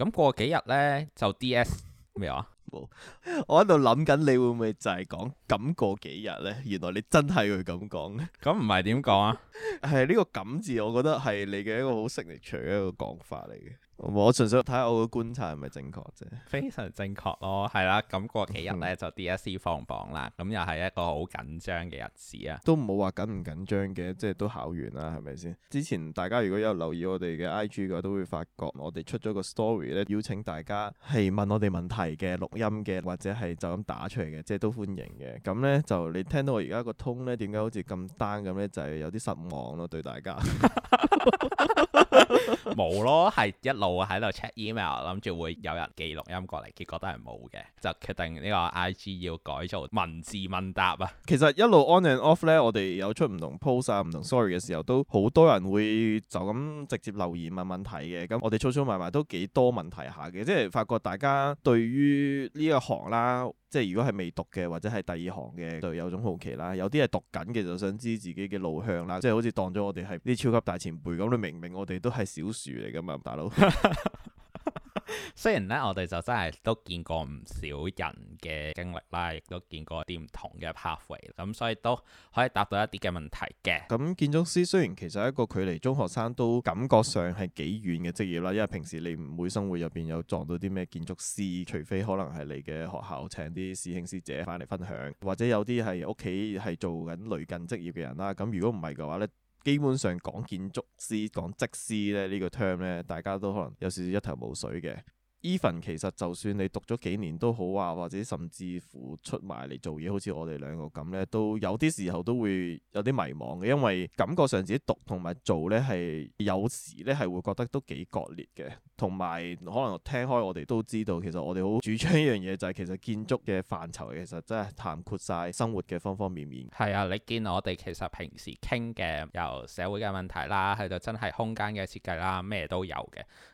咁過幾日咧就 D.S. 咩話？啊？冇，我喺度諗緊你會唔會就係講咁過幾日咧？原來你真係會咁講嘅。咁唔係點講啊？係呢， 這個咁字，我覺得係你嘅一個好 signature 嘅一個講法嚟嘅。我純粹睇下我嘅觀察係咪正確啫，非常正確咯，係啦、啊。咁過幾日咧就 DSE 放榜啦，咁、嗯、又係一個好緊張嘅日子啊，都唔好話緊唔緊張嘅，即係都考完啦，係咪先？之前大家如果有留意我哋嘅 IG 嘅話，都會發覺我哋出咗個 story 咧，邀請大家係問我哋問題嘅錄音嘅，或者係就咁打出嚟嘅，即係都歡迎嘅。咁咧就你聽到我而家個 tone 咧，點解好似咁 down 咁咧？就係、是、有啲失望咯，對大家。 冇咯，係 一路喺度 check email，諗住會有人寄錄音過嚟，結果都係冇嘅，就決定呢個 IG 要改做文字問答啊。 其實一路 on and off 咧，我哋有出唔同 post 啊、唔同 story 嘅時候，都好多人會就咁直接留言問問題嘅。咁我哋粗粗埋埋都幾多問題下嘅，即係發覺大家對於呢一行啦。即係如果係未讀嘅，或者係第二行嘅，就有種好奇啦。有啲係讀緊嘅，就想知自己嘅路向啦。即係好似當咗我哋係啲超級大前輩咁，你明唔明？我哋都係小樹嚟㗎嘛，大佬。 雖然咧，我哋就真係都見過唔少人嘅經歷啦，亦都見過啲唔同嘅 pathway，咁所以都可以答到一啲嘅問題嘅。咁建築師雖然其實一個距離中學生都感覺上係幾遠嘅職業啦，因為平時你唔會生活入邊有撞到啲咩建築師，除非可能係你嘅學校請啲師兄師姐翻嚟分享，或者有啲係屋企係做緊類近職業嘅人啦。咁如果唔係嘅話咧。基本上講建築師、講職師咧，呢個 term 咧，大家都可能有少少一頭霧水嘅。Even 其實就算你讀咗幾年都好啊，或者甚至乎出埋嚟做嘢，好似我哋兩個咁呢，都有啲時候都會有啲迷茫嘅，因為感覺上自己讀同埋做呢，係有時呢係會覺得都幾割裂嘅，同埋可能我聽開我哋都知道，其實我哋好主張一樣嘢就係，其實建築嘅範疇其實真係涵括晒生活嘅方方面面。係啊，你見我哋其實平時傾嘅，由社會嘅問題啦，係就真係空間嘅設計啦，咩都有嘅。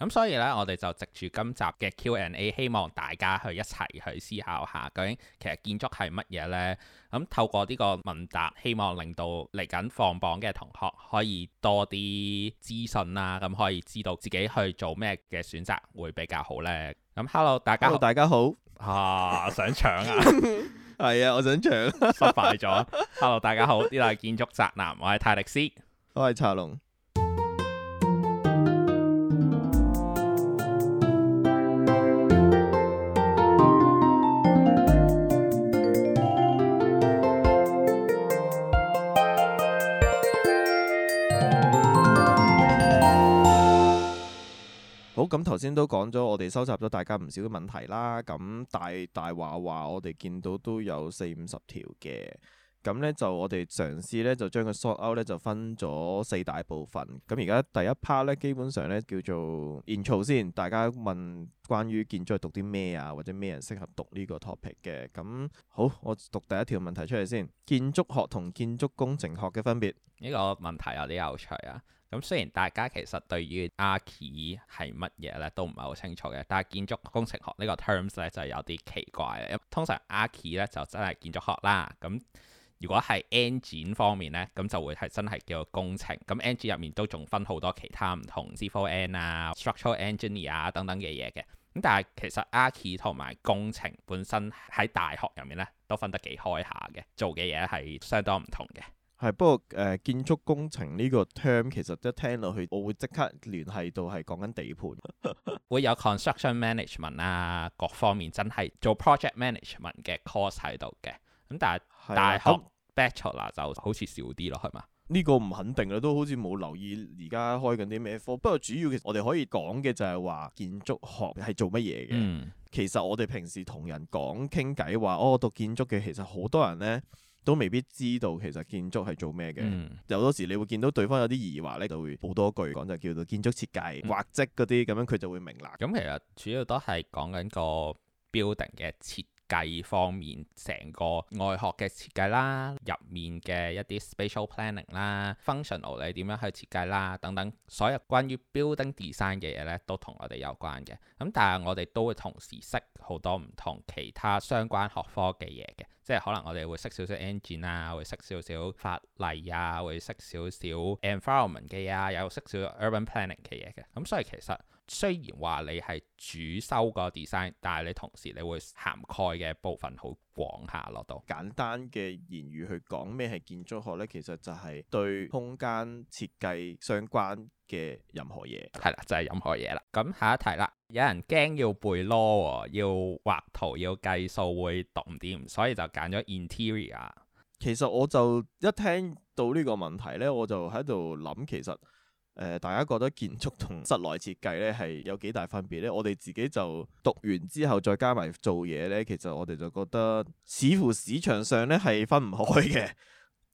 咁、嗯、所以呢，我哋就藉住今集嘅 Q&A，希望大家去一齊去思考下，究竟其實建築係乜嘢呢。咁、嗯、透過呢個問答，希望令到嚟緊放榜嘅同學可以多啲資訊啦、啊，咁、嗯、可以知道自己去做咩嘅選擇會比較好呢。咁、嗯、Hello，大家好，Hello，大家好，啊想搶啊，係啊，我想搶， 失敗咗。Hello，大家好，呢度係建築宅男，我係泰力斯，我係茶龍。好，咁頭先都講咗，我哋收集咗大家唔少嘅問題啦。咁大大話話，我哋見到都有四五十條嘅。咁呢，就我哋嘗試呢，就將佢 sort out 呢，就分咗四大部分。咁而家第一 part 呢，基本上呢，叫做 intro 先，大家問關於建築係讀啲咩啊，或者咩人適合讀呢個 topic 嘅。咁好，我讀第一條問題出嚟先。建築學同建築工程學嘅分別，呢個問題有啲有趣啊！咁雖然大家其實對於 arch 係乜嘢咧都唔係好清楚嘅，但係建築工程學個、erm、呢個 terms 咧就有啲奇怪嘅。因為通常 arch 咧就真係建築學啦。咁如果係 engine 方面咧，咁就會係真係叫做工程。咁 engine 入面都仲分好多其他唔同 civil eng 啊、structural engineer 啊等等嘅嘢嘅。咁但係其實 arch 同埋工程本身喺大學入面咧都分得幾開下嘅，做嘅嘢係相當唔同嘅。係，不過誒、呃，建築工程呢個 term 其實一聽落去，我會即刻聯繫到係講緊地盤， 會有 construction management 啊，各方面真係做 project management 嘅 course 喺度嘅。咁但係但係大學、嗯、bachelor 就好似少啲咯，係嘛？呢個唔肯定啦，都好似冇留意而家開緊啲咩科。不過主要其實我哋可以講嘅就係話建築學係做乜嘢嘅。嗯、其實我哋平時同人講傾偈話，我、哦、讀建築嘅，其實好多人呢。」都未必知道其實建築係做咩嘅。嗯、有好多時你會見到對方有啲疑惑咧，就會好多句講就叫做建築設計畫則嗰啲咁樣，佢就會明啦。咁、嗯嗯、其實主要都係講緊個 building 嘅設計方面，成個外殼嘅設計啦，入面嘅一啲 spatial planning 啦，functional 你點樣去設計啦，等等，所有關於 building design 嘅嘢咧，都同我哋有關嘅。咁但係我哋都會同時識好多唔同其他相關學科嘅嘢嘅。即係可能我哋會識少少 engine 啊，會識少少法例啊，會識少少 environment 嘅嘢啊，有識少少 urban planning 嘅嘢嘅。咁所以其實雖然話你係主修個 design，但係你同時你會涵蓋嘅部分好廣下落到。簡單嘅言語去講咩係建築學咧？其實就係對空間設計相關。嘅任何嘢係啦，就係、是、任何嘢啦。咁、嗯、下一題啦，有人驚要背 law、哦、要畫圖，要計數，會讀唔掂，所以就揀咗 interior。其實我就一聽到呢個問題呢，我就喺度諗，其實、呃、大家覺得建築同室內設計呢係有幾大分別呢？我哋自己就讀完之後再加埋做嘢呢，其實我哋就覺得似乎市場上呢係分唔開嘅。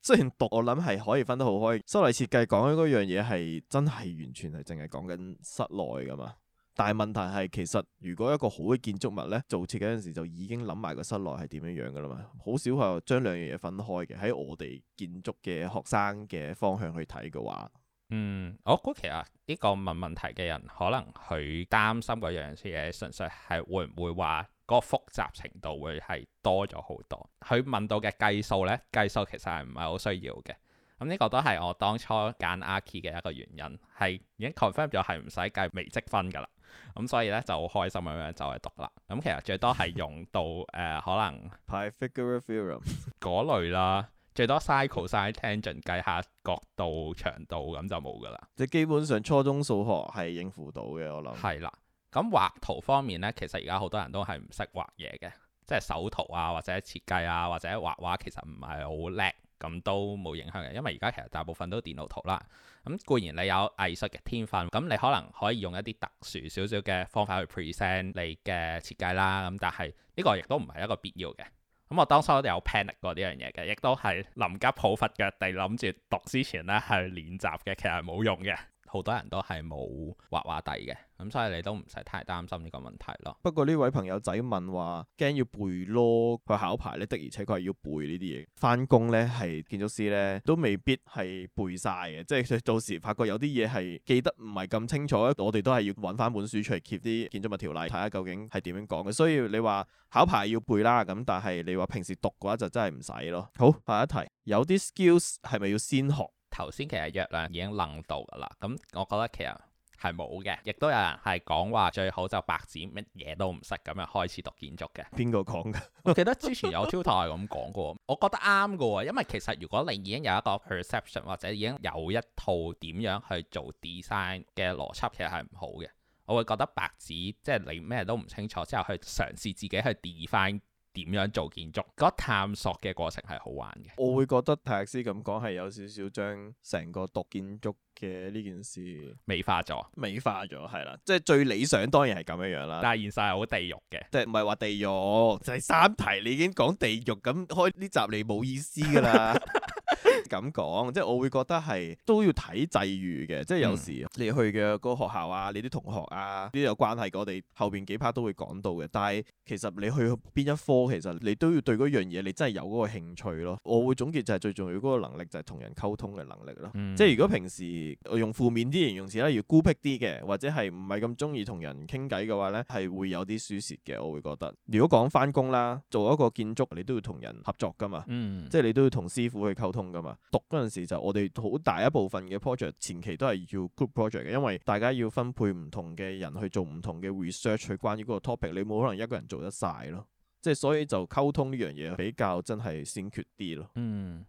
雖然讀我諗係可以分得好開，修是是室內設計講緊嗰樣嘢係真係完全係淨係講緊室內噶嘛，但係問題係其實如果一個好嘅建築物呢，做設計嗰陣時就已經諗埋個室內係點樣樣噶啦嘛，好少係將兩樣嘢分開嘅。喺我哋建築嘅學生嘅方向去睇嘅話，嗯，我估其實呢個問問題嘅人可能佢擔心嗰樣嘢，純粹係會唔會話？個複雜程度會係多咗好多，佢問到嘅計數咧，計數其實係唔係好需要嘅。咁呢個都係我當初揀 Arch 嘅一個原因，係已經 confirm 咗係唔使計微積分噶啦。咁所以咧就好開心咁樣就係讀啦。咁其實最多係用到誒、 呃、可能 pi figure theorem 嗰類啦，最多 sine cosine tangent 計下角度長度咁就冇噶啦。即基本上初中數學係應付到嘅，我諗。係啦。咁、嗯、畫圖方面呢，其實而家好多人都係唔識畫嘢嘅，即係手圖啊，或者設計啊，或者畫畫其實唔係好叻，咁都冇影響嘅，因為而家其實大部分都電腦圖啦。咁、嗯、固然你有藝術嘅天分，咁、嗯、你可能可以用一啲特殊少少嘅方法去 present 你嘅設計啦。咁、嗯、但係呢個亦都唔係一個必要嘅。咁、嗯、我當初都有 plan 過呢樣嘢嘅，亦都係臨急抱佛腳，地諗住讀之前呢係去練習嘅，其實冇用嘅。好多人都係冇畫畫底嘅，咁所以你都唔使太擔心呢個問題咯。不過呢位朋友仔問話驚要背咯，佢考牌咧，的而且確係要背呢啲嘢。翻工咧，係建築師咧都未必係背晒嘅，即係到時發覺有啲嘢係記得唔係咁清楚，我哋都係要揾翻本書出嚟 keep 啲建築物條例，睇下究竟係點樣講嘅。所以你話考牌要背啦，咁但係你話平時讀嘅話就真係唔使咯。好，下一題，有啲 skills 係咪要先學？頭先其實約量已經愣到㗎啦，咁我覺得其實係冇嘅，亦都有人係講話最好就白紙乜嘢都唔識咁樣開始讀建築嘅。邊個講㗎？ 我記得之前有 t u t 係咁講過，我覺得啱㗎喎，因為其實如果你已經有一個 perception 或者已經有一套點樣去做 design 嘅邏輯，其實係唔好嘅。我會覺得白紙即係你咩都唔清楚之後去嘗試自己去 define。點樣做建築？覺得探索嘅過程係好玩嘅。我會覺得泰斯咁講係有少少將成個讀建築嘅呢件事美化咗。美化咗係啦，即係最理想當然係咁樣樣啦。但係現實係好地獄嘅，即係唔係話地獄？第、就係、三題你已經講地獄，咁開呢集你冇意思㗎啦。 咁講，即係我會覺得係都要睇際遇嘅，即係有時你去嘅個學校啊，嗯、你啲同學啊，都有關係，我哋後邊幾 part 都會講到嘅。但係其實你去邊一科，其實你都要對嗰樣嘢，你真係有嗰個興趣咯。我會總結就係、是、最重要嗰個能力就係同人溝通嘅能力咯。嗯、即係如果平時用負面啲形容詞啦，如孤僻啲嘅，或者係唔係咁中意同人傾偈嘅話咧，係會有啲輸蝕嘅。我會覺得，如果講翻工啦，做一個建築，你都要同人合作噶嘛，嗯、即係你都要同師傅去溝通噶嘛。讀嗰陣時就我哋好大一部分嘅 project 前期都係要 group project 嘅，因為大家要分配唔同嘅人去做唔同嘅 research 去關於嗰個 topic，你冇可能一個人做得晒咯，即係所以就溝通呢樣嘢比較真係先決啲咯。嗯，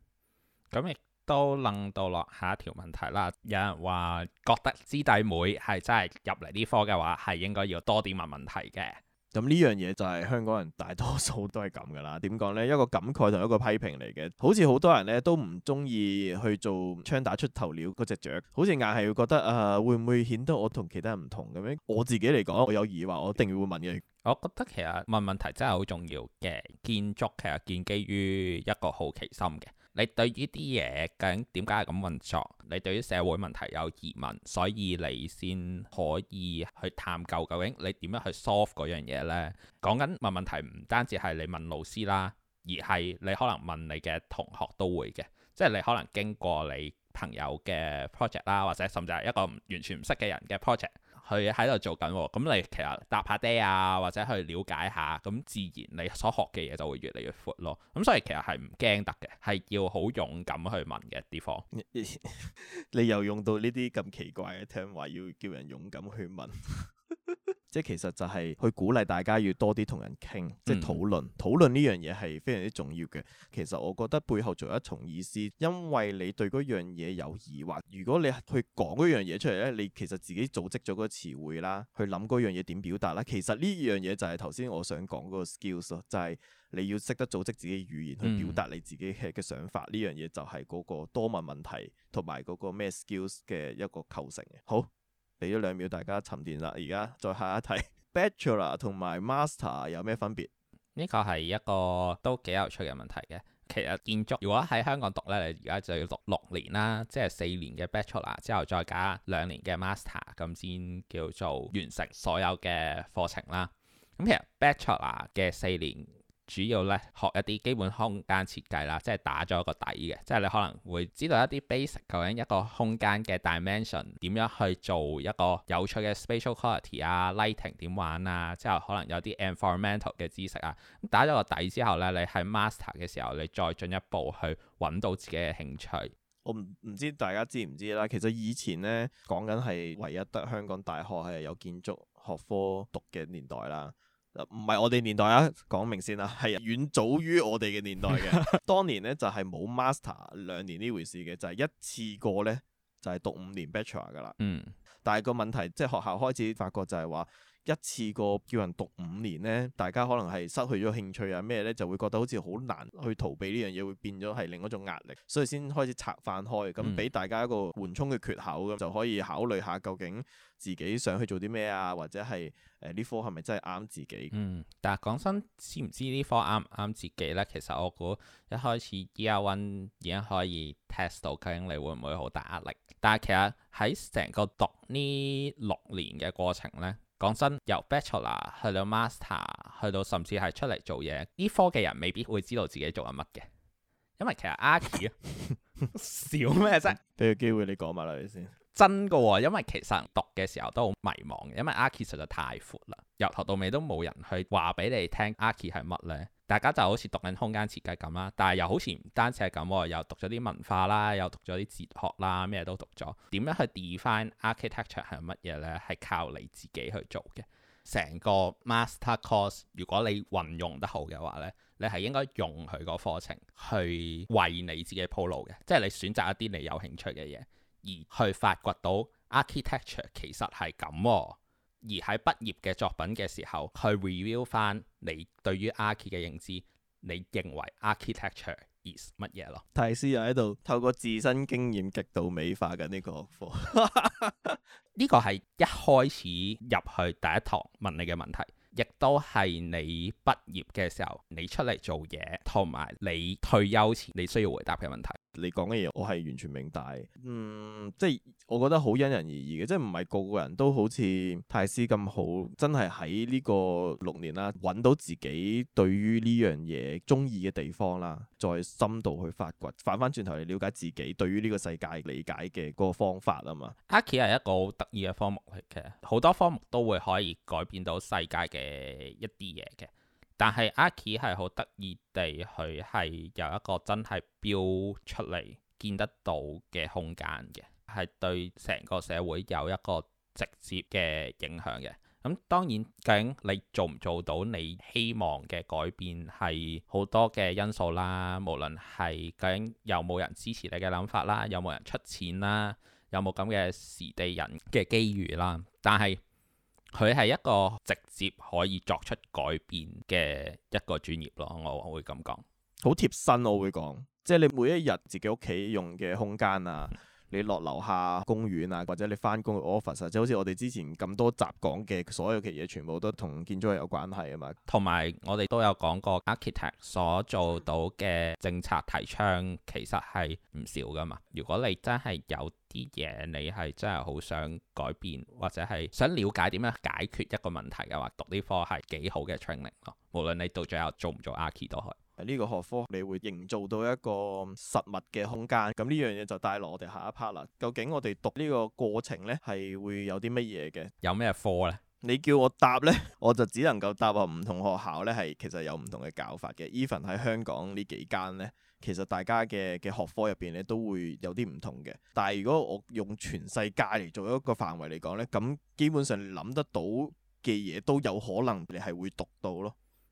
咁亦都能到落下一條問題啦。有人話覺得師弟妹係真係入嚟呢科嘅話，係應該要多點問問題嘅。咁呢樣嘢就係香港人大多數都係咁噶啦。點講呢？一個感慨同一個批評嚟嘅，好似好多人呢都唔中意去做槍打出頭鳥嗰隻雀，好似硬係會覺得啊、呃，會唔會顯得我同其他人唔同咁樣？我自己嚟講，我有疑惑，我一定會問嘅。我覺得其實問問題真係好重要嘅，建築其實建基於一個好奇心嘅。你對呢啲嘢究竟點解係咁運作？你對於社會問題有疑問，所以你先可以去探究究竟你點樣去 solve 嗰樣嘢呢。講緊問問題唔單止係你問老師啦，而係你可能問你嘅同學都會嘅，即係你可能經過你朋友嘅 project 啦，或者甚至係一個完全唔識嘅人嘅 project。佢喺度做緊喎，咁你其實搭下爹啊，或者去了解下，咁自然你所學嘅嘢就會越嚟越闊咯。咁所以其實係唔驚得嘅，係要好勇敢去問嘅地方。 你又用到呢啲咁奇怪嘅聽話，要叫人勇敢去問？ 即其實就係去鼓勵大家要多啲同人傾，嗯、即係討論。討論呢樣嘢係非常之重要嘅。其實我覺得背後仲有一重意思，因為你對嗰樣嘢有疑惑，如果你去講嗰樣嘢出嚟咧，你其實自己組織咗嗰個詞彙啦，去諗嗰樣嘢點表達啦。其實呢樣嘢就係頭先我想講嗰個 skills 咯，就係、是、你要識得組織自己語言去表達你自己嘅想法。呢樣嘢就係嗰個多問問題同埋嗰個咩 skills 嘅一個構成嘅。好。俾咗兩秒大家沉澱啦，而家再下一題 ，Bachelor 同埋 Master 有咩分別？呢個係一個都幾有趣嘅問題嘅。其實建築如果喺香港讀咧，你而家就要讀六年啦，即係四年嘅 Bachelor 之後再加兩年嘅 Master，咁先叫做完成所有嘅課程啦。咁其實 Bachelor 嘅四年，主要咧學一啲基本空間設計啦，即係打咗個底嘅，即係你可能會知道一啲 basic 究竟一個空間嘅 dimension 點樣去做一個有趣嘅 spatial quality 啊，lighting 點玩啊，之後可能有啲 environmental 嘅知識啊，打咗個底之後咧，你喺 master 嘅時候，你再進一步去揾到自己嘅興趣。我唔唔知大家知唔知啦，其實以前咧講緊係唯一得香港大學係有建築學科讀嘅年代啦。唔係我哋年代啊，講明先啦，係遠早於我哋嘅年代嘅， 當年咧就係、是、冇 master 兩年呢回事嘅，就係、是、一次過咧就係、是、讀五年 bachelor 㗎喇。嗯，但係個問題即係、就是、學校開始發覺就係話。一次過叫人讀五年呢，大家可能係失去咗興趣啊咩，呢就會覺得好似好難去逃避呢樣嘢，會變咗係另一種壓力，所以先開始拆返開咁，俾大家一個緩衝嘅缺口咁、嗯、就可以考慮下究竟自己想去做啲咩啊，或者係誒呢科係咪真係啱自己？嗯、但係講真，知唔知呢科啱唔啱自己呢？其實我估一開始 year one 已經可以 test 到究竟你會唔會好大壓力，但係其實喺成個讀呢六年嘅過程呢。講真，由 Bachelor 去到 Master，去到甚至係出嚟做嘢，啲科嘅人未必會知道自己做緊乜嘅，因為其實 Archi 啊，笑咩啫？俾個機會你講埋落去先真㗎喎，因為其實讀嘅時候都好迷茫，因為 Archi 實在太闊啦，由頭到尾都冇人去話俾你聽 Archi 係乜呢？大家就好似讀緊空間設計咁啦，但係又好似唔單止係咁，又讀咗啲文化啦，又讀咗啲哲學啦，咩都讀咗。點樣去 define architecture 係乜嘢呢？係靠你自己去做嘅。成個 master course 如果你運用得好嘅話呢，你係應該用佢個課程去為你自己鋪路嘅，即係你選擇一啲你有興趣嘅嘢，而去發掘到 architecture 其實係咁。而喺畢業嘅作品嘅時候，去 review 返你對於 architecture 嘅認知，你認為 architecture is 乜嘢咯？泰師又喺度透過自身經驗極度美化緊呢個課，呢 個係一開始入去第一堂問你嘅問題，亦都係你畢業嘅時候，你出嚟做嘢同埋你退休前你需要回答嘅問題。你講嘅嘢我係完全明白。嗯，即係。我覺得好因人而異嘅，即係唔係個個人都好似泰斯咁好，真係喺呢個六年啦，揾到自己對於呢樣嘢中意嘅地方啦，再深度去發掘，反翻轉頭去了解自己對於呢個世界理解嘅嗰個方法啊嘛。Archi 係一個好得意嘅科目嚟嘅，好多科目都會可以改變到世界嘅一啲嘢嘅，但係 Archi 係好得意地，佢係有一個真係標出嚟見得到嘅空間嘅。係對成個社會有一個直接嘅影響嘅。咁當然，究竟你做唔做到你希望嘅改變，係好多嘅因素啦。無論係究竟有冇人支持你嘅諗法啦，有冇人出錢啦，有冇咁嘅時地人嘅機遇啦。但係佢係一個直接可以作出改變嘅一個專業咯，我會咁講。好貼身，我會講，即係你每一日自己屋企用嘅空間啊。你落樓下公園啊，或者你翻工嘅 office 啊，即好似我哋之前咁多集講嘅所有嘅嘢，全部都同建築有關係啊嘛。同埋我哋都有講過 architect 所做到嘅政策提倡其實係唔少噶嘛。如果你真係有啲嘢你係真係好想改變，或者係想了解點樣解決一個問題嘅話，讀呢科係幾好嘅 training 咯。無論你到最後做唔做 architecture 都可以。呢個學科你會營造到一個實物嘅空間，咁呢樣嘢就帶落我哋下一 part 啦。究竟我哋讀呢個過程呢係會有啲乜嘢嘅？有咩科呢？你叫我答呢，我就只能夠答啊！唔同學校呢係其實有唔同嘅教法嘅。Even 喺香港呢幾間呢，其實大家嘅嘅學科入邊呢都會有啲唔同嘅。但係如果我用全世界嚟做一個範圍嚟講呢，咁基本上你諗得到嘅嘢都有可能你係會讀到咯。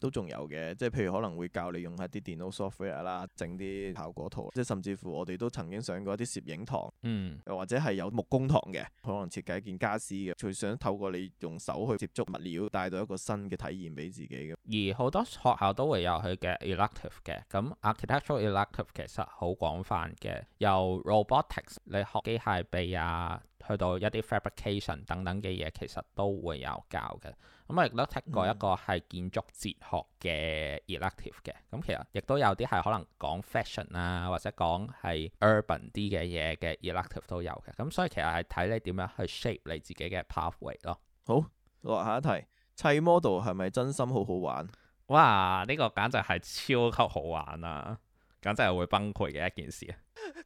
都仲有嘅，即係譬如可能會教你用下啲電腦 software 啦，整啲效果圖，即係甚至乎我哋都曾經上過一啲攝影堂，嗯，又或者係有木工堂嘅，可能設計一件家私嘅，佢想透過你用手去接觸物料，帶到一個新嘅體驗俾自己嘅。而好多學校都會有佢嘅 elective 嘅，咁 architecture elective 其實好廣泛嘅，由 robotics 你學機械臂啊。去到一啲 fabrication 等等嘅嘢，其實都會有教嘅。咁我亦都聽過一個係建築哲學嘅 elective 嘅。咁、嗯、其實亦都有啲係可能講 fashion 啊，或者講係 urban 啲嘅嘢嘅 elective 都有嘅。咁、嗯、所以其實係睇你點樣去 shape 你自己嘅 pathway 咯。好，落、哦、下一題砌 model 係咪真心好好玩？哇！呢、這個簡直係超級好玩啊！簡直係會崩潰嘅一件事啊！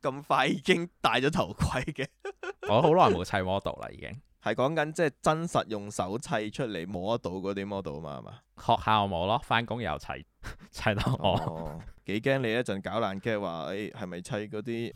咁快已經戴咗頭盔嘅， 我好耐冇砌 model 啦，已經係講緊即係真實用手砌出嚟摸得到嗰啲 model 啊嘛，係嘛？學校冇咯，翻工又砌砌到我，幾驚、哦、你一陣搞爛 gag 話，誒係咪砌嗰啲？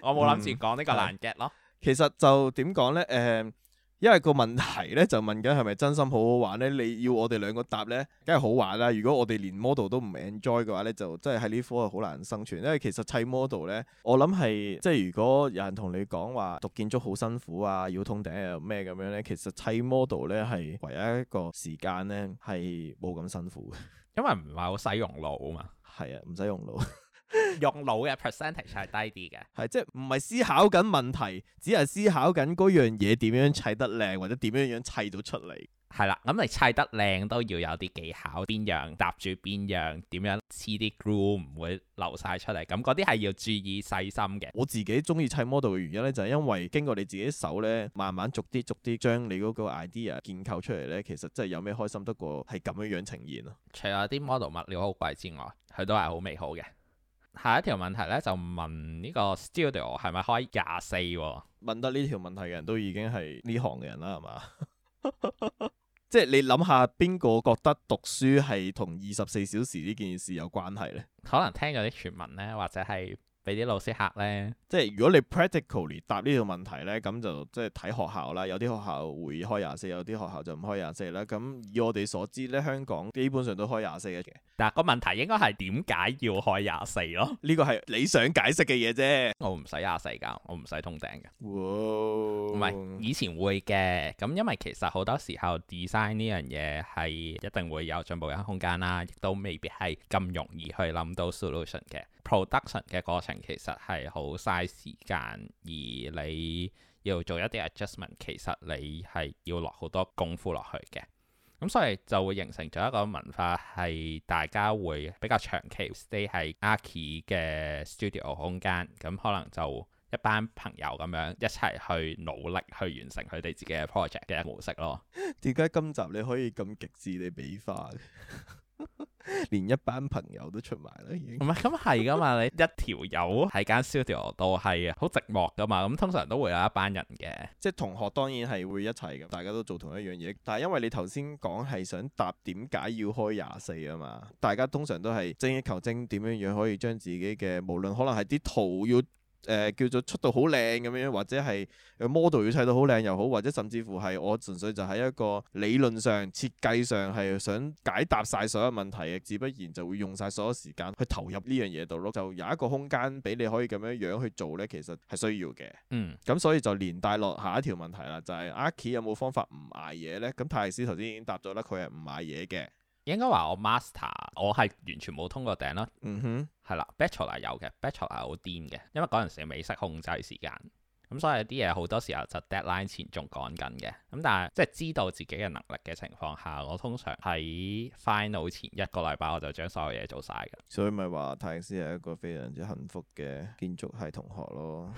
我冇諗住講呢個爛 gag 咯、嗯嗯。其實就點講咧？誒、呃。因為個問題咧就問緊係咪真心好好玩咧？你要我哋兩個答咧，梗係好玩啦！如果我哋連 model 都唔 enjoy 嘅話咧，就真係喺呢科好難生存。因為其實砌 model 咧，我諗係即係如果有人同你講話讀建築好辛苦啊，要通頂又咩咁樣咧，其實砌 model 咧係唯一一個時間咧係冇咁辛苦嘅。因為唔係好使用腦啊嘛。係啊，唔使用，用腦。 用腦嘅 percentage 係低啲嘅，係即係唔係思考緊問題，只係思考緊嗰樣嘢點樣砌得靚，或者點樣樣砌到出嚟係啦。咁你砌得靚都要有啲技巧，邊樣搭住邊樣，點樣黐啲 glue 唔會流曬出嚟。咁嗰啲係要注意細心嘅。我自己中意砌 model 嘅原因咧，就係因為經過你自己手咧，慢慢逐啲逐啲將你嗰個 idea 建構出嚟咧，其實真係有咩開心得過係咁樣樣呈現咯。除咗啲 model 物料好貴之外，佢都係好美好嘅。下一條問題咧就問呢個 studio 係咪開廿四？問得呢條問題嘅人都已經係呢行嘅人啦，係嘛？ 即係你諗下，邊個覺得讀書係同二十四小時呢件事有關係咧？可能聽咗啲傳聞咧，或者係。俾啲老師吓呢？即係如果你 practically 答呢個問題呢，咁就即係睇學校啦。有啲學校會開廿四，有啲學校就唔開廿四啦。咁以我哋所知呢，香港基本上都開廿四嘅。但係個問題應該係點解要開廿四咯？呢個係你想解釋嘅嘢啫。我唔使廿四㗎，我唔使通頂嘅。唔係 Wow 以前會嘅，咁因為其實好多時候 design 呢樣嘢係一定會有進步嘅空間啦，亦都未必係咁容易去諗到 solution 嘅。production 嘅過程其實係好嘥時間，而你要做一啲 adjustment，其實你係要落好多功夫落去嘅。咁所以就會形成咗一個文化，係大家會比較長期 stay 喺 archi 嘅 studio 空間，咁可能就一班朋友咁樣一齊去努力去完成佢哋自己嘅 project 嘅模式咯。點解今集你可以咁極致地比化？ 連一班朋友都出埋啦，已經唔係，咁係噶嘛，你一條友喺間 studio 度係啊，好寂寞噶嘛，咁通常都會有一班人嘅，即係同學當然係會一齊嘅，大家都做同一樣嘢，但係因為你頭先講係想答點解要開廿四啊嘛，大家通常都係精益求精，點樣樣可以將自己嘅，無論可能係啲圖要。誒、呃，叫做出到好靚咁樣，或者係 model 要砌到好靚又好，或者甚至乎係我純粹就喺一個理論上設計上係想解答晒所有問題嘅，自不然就會用晒所有時間去投入呢樣嘢度咯。就有一個空間俾你可以咁樣樣去做咧，其實係需要嘅。嗯，咁所以就連帶落下，下一條問題啦，就係阿 Key 有冇方法唔挨夜咧？咁泰斯頭先已經答咗啦，佢係唔挨夜嘅。應該話我 master，我係完全冇通過頂咯。嗯哼，係啦，Bachelor 係有嘅，Bachelor 係好癲嘅，因為嗰陣時未識控制時間。咁、嗯、所以啲嘢好多時候就 deadline 前仲趕緊嘅，咁、嗯、但係即係知道自己嘅能力嘅情況下，我通常喺 final 前一個禮拜我就將所有嘢做晒嘅。所以咪話泰斯係一個非常之幸福嘅建築系同學咯。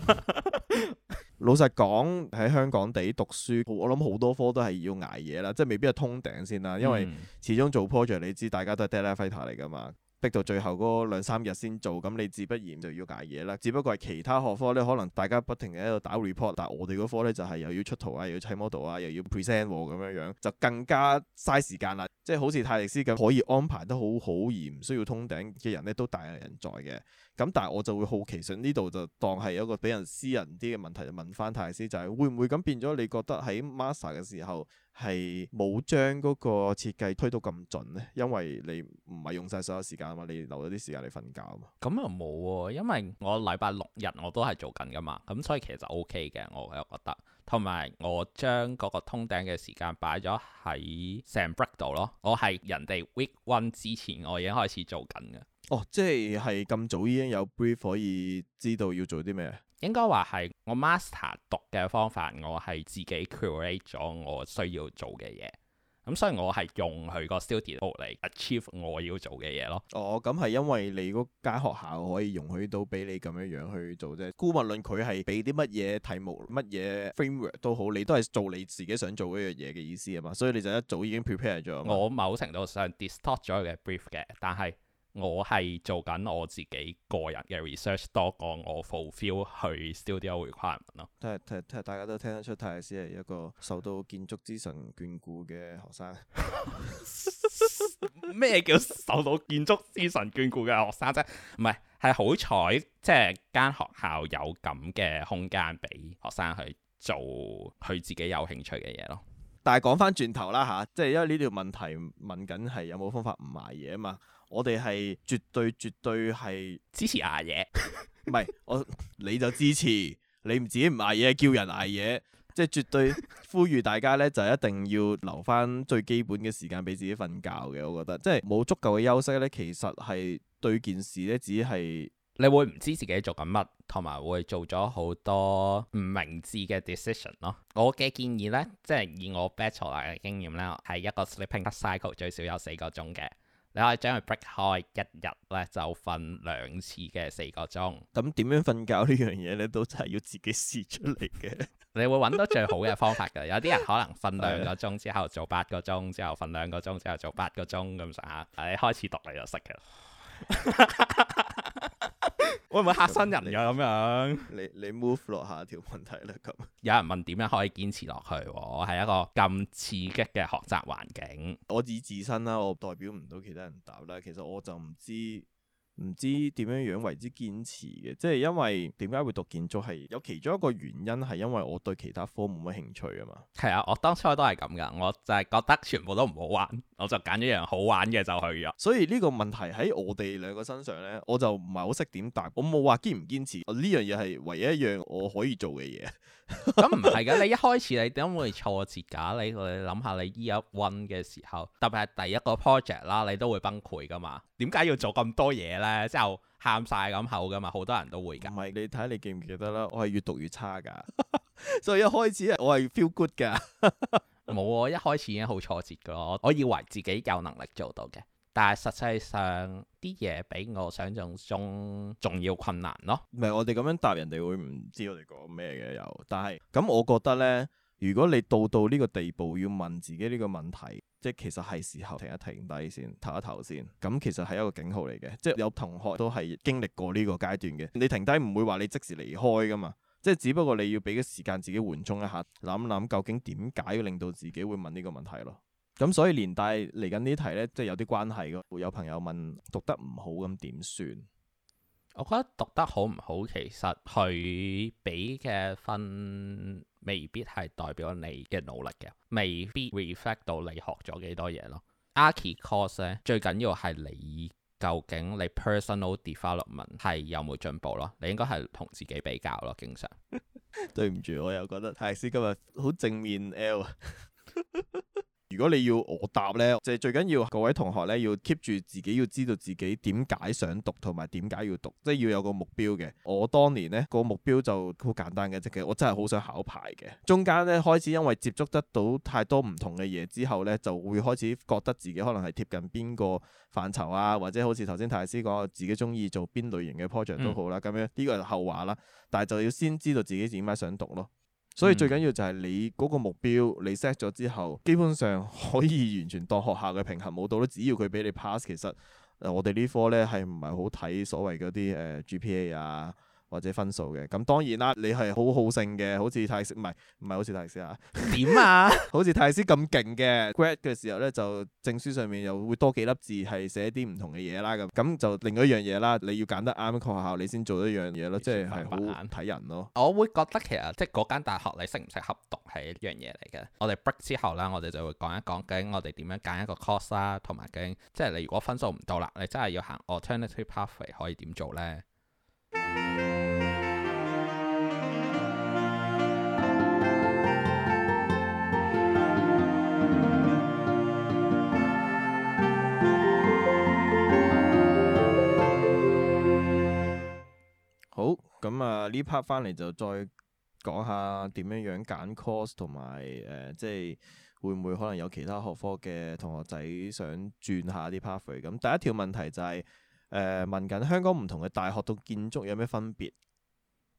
老實講喺香港地讀書，我諗好多科都係要捱夜啦，即係未必係通頂先啦，因為始終做 project 你知大家都係 deadline fighter 嚟噶嘛。逼到最後嗰兩三日先做，咁你自不然就要捱嘢啦。只不過係其他學科咧，可能大家不停嘅喺度打 report，但係我哋嗰科咧就係、是、又要出圖啊，又要砌 model 啊，又要，要 present 咁樣樣就更加嘥時間啦。即係好似泰利斯咁，可以安排得好好而唔需要通頂嘅人咧，都大有人在嘅。咁但係我就會好奇想呢度就當係一個俾人私人啲嘅問題，就問翻泰利斯就係、是、會唔會咁變咗？你覺得喺 master 嘅時候？係冇將嗰個設計推到咁盡咧，因為你唔係用晒所有時間啊嘛，你留咗啲時間嚟瞓覺啊嘛。咁又冇喎，因為我禮拜六日我都係做緊噶嘛，咁所以其實 OK 嘅，我又覺得。同埋我將嗰個通頂嘅時間擺咗喺成 break 度咯，我係人哋 week one 之前我已經開始做緊嘅。哦，即係係咁早已經有 brief 可以知道要做啲咩？應該話係我 master 讀嘅方法，我係自己 create 咗我需要做嘅嘢，咁、嗯、所以我係用佢個 studio 嚟 achieve 我要做嘅嘢咯。哦，咁係因為你嗰間學校可以容許到俾你咁樣樣去做啫。姑勿論佢係俾啲乜嘢題目，乜嘢 framework 都好，你都係做你自己想做一樣嘢嘅意思啊嘛，所以你就一早已經 prepare 咗。我某程度上 distort 咗佢嘅 brief 嘅，但係。我係做緊我自己個人嘅 research，多過我 fulfill 去 studio requirement 咯。睇，大家都聽得出，泰西係一個受到建築之神眷顧嘅學生。咩 叫受到建築之神眷顧嘅學生啫、啊？唔係，係好彩，即係間學校有咁嘅空間俾學生去做佢自己有興趣嘅嘢咯。但係講翻轉頭啦吓，即係因為呢條問題問緊係有冇方法唔買嘢啊嘛。我哋係絕對絕對係支持捱、啊、夜，唔係 我你就支持，你唔自己唔捱夜，叫人捱夜， 即係絕對呼籲大家咧，就一定要留翻最基本嘅時間俾自己瞓覺嘅。我覺得即係冇足夠嘅休息咧，其實係對件事咧，只係你會唔知自己做緊乜，同埋會做咗好多唔明智嘅 decision 咯。我嘅建議咧，即係以我 battle、er、嚟嘅經驗咧，係一個 sleeping cycle 最少有四個鐘嘅。你可以將佢 break 開，一日咧就瞓兩次嘅四個鐘。咁點樣瞓覺呢樣嘢咧，都真係要自己試出嚟嘅。 你會揾到最好嘅方法㗎。有啲人可能瞓兩個鐘之後做八個鐘，之後瞓兩個鐘之後做八個鐘咁上下。你開始讀你就識嘅。 會唔會嚇新人㗎咁樣？你你 move 落下條問題啦咁。 有人問點樣可以堅持落去？我係一個咁刺激嘅學習環境。 我以自身啦，我代表唔到其他人答啦。其實我就唔知。唔知點樣樣為之堅持嘅，即係因為點解會讀建築係有其中一個原因係因為我對其他科冇乜興趣啊嘛。係啊，我當初都係咁噶，我就係覺得全部都唔好玩，我就揀咗一樣好玩嘅就去咗。所以呢個問題喺我哋兩個身上咧，我就唔係好識點答。我冇話堅唔堅持，呢樣嘢係唯一一樣我可以做嘅嘢。咁唔係噶，你一開始你點會挫折㗎？你諗下你 Year 1嘅時候，特別係第一個 project 啦，你都會崩潰噶嘛？點解要做咁多嘢咧？誒，之後喊晒咁口噶嘛，好多人都會噶。唔係，你睇你記唔記得啦，我係越讀越差噶， 所以一開始我係 feel good 噶，冇，。 一開始已經好挫折噶，我我以為自己有能力做到嘅，但係實際上啲嘢比我想象中仲要困難咯。唔係我哋咁樣答人哋會唔知我哋講咩嘅又，但係咁我覺得咧，如果你到到呢個地步要問自己呢個問題。即係其實係時候停一停低先，唞一唞先。咁其實係一個警號嚟嘅，即係有同學都係經歷過呢個階段嘅。你停低唔會話你即時離開噶嘛，即係只不過你要俾個時間自己緩衝一下，諗一諗究竟點解要令到自己會問呢個問題咯。咁所以連帶嚟緊呢啲題呢，即係有啲關係嘅。會有朋友問讀得唔好咁點算？我覺得讀得好唔好，其實佢俾嘅分未必係代表你嘅努力嘅，未必 reflect 到你學咗幾多嘢咯。Archi course 咧最緊要係你究竟你 personal development 係有冇進步咯？你應該係同自己比較咯，經常。 對唔住，我又覺得泰斯今日好正面 L 啊。 如果你要我答呢，就係最緊要各位同學呢，要 keep 住自己要知道自己點解想讀同埋點解要讀，即係要有個目標嘅。我當年呢個目標就好簡單嘅，即係我真係好想考牌嘅。中間呢，開始因為接觸得到太多唔同嘅嘢之後呢，就會開始覺得自己可能係貼近邊個範疇啊，或者好似頭先泰師講，自己中意做邊類型嘅 project 都好啦。咁、嗯、樣呢個後話啦，但係就要先知道自己點解想讀咯。所以最緊要就係你嗰個目標，你 set 咗之後，基本上可以完全當學校嘅平衡冇到咯。只要佢俾你 pass，其實誒我哋呢科咧係唔係好睇所謂嗰啲誒 GPA 啊，或者分數嘅，咁當然啦，你係好好勝嘅，好似泰師唔係唔係好似泰師啊？點 啊？ 好似泰師咁勁嘅，grad 嘅時候咧就證書上面又會多幾粒字，係寫啲唔同嘅嘢啦咁，咁就另一樣嘢啦，你要揀得啱個學校，你先做一樣嘢咯，即係眼睇人咯。我會覺得其實即係嗰間大學你適唔適合讀係一樣嘢嚟嘅。我哋 break 之後啦，我哋就會講一講究竟我哋點樣揀一個 course 啦，同埋究竟即係你如果分數唔到啦，你真係要行 alternative pathway 可以點做咧？好，咁啊呢 part 翻嚟就再講下點樣樣揀 course，同埋，呃，即係會唔會可能有其他學科嘅同學仔想轉下啲 part？咁第一條問題就係。誒問緊香港唔同嘅大學到建築有咩分別？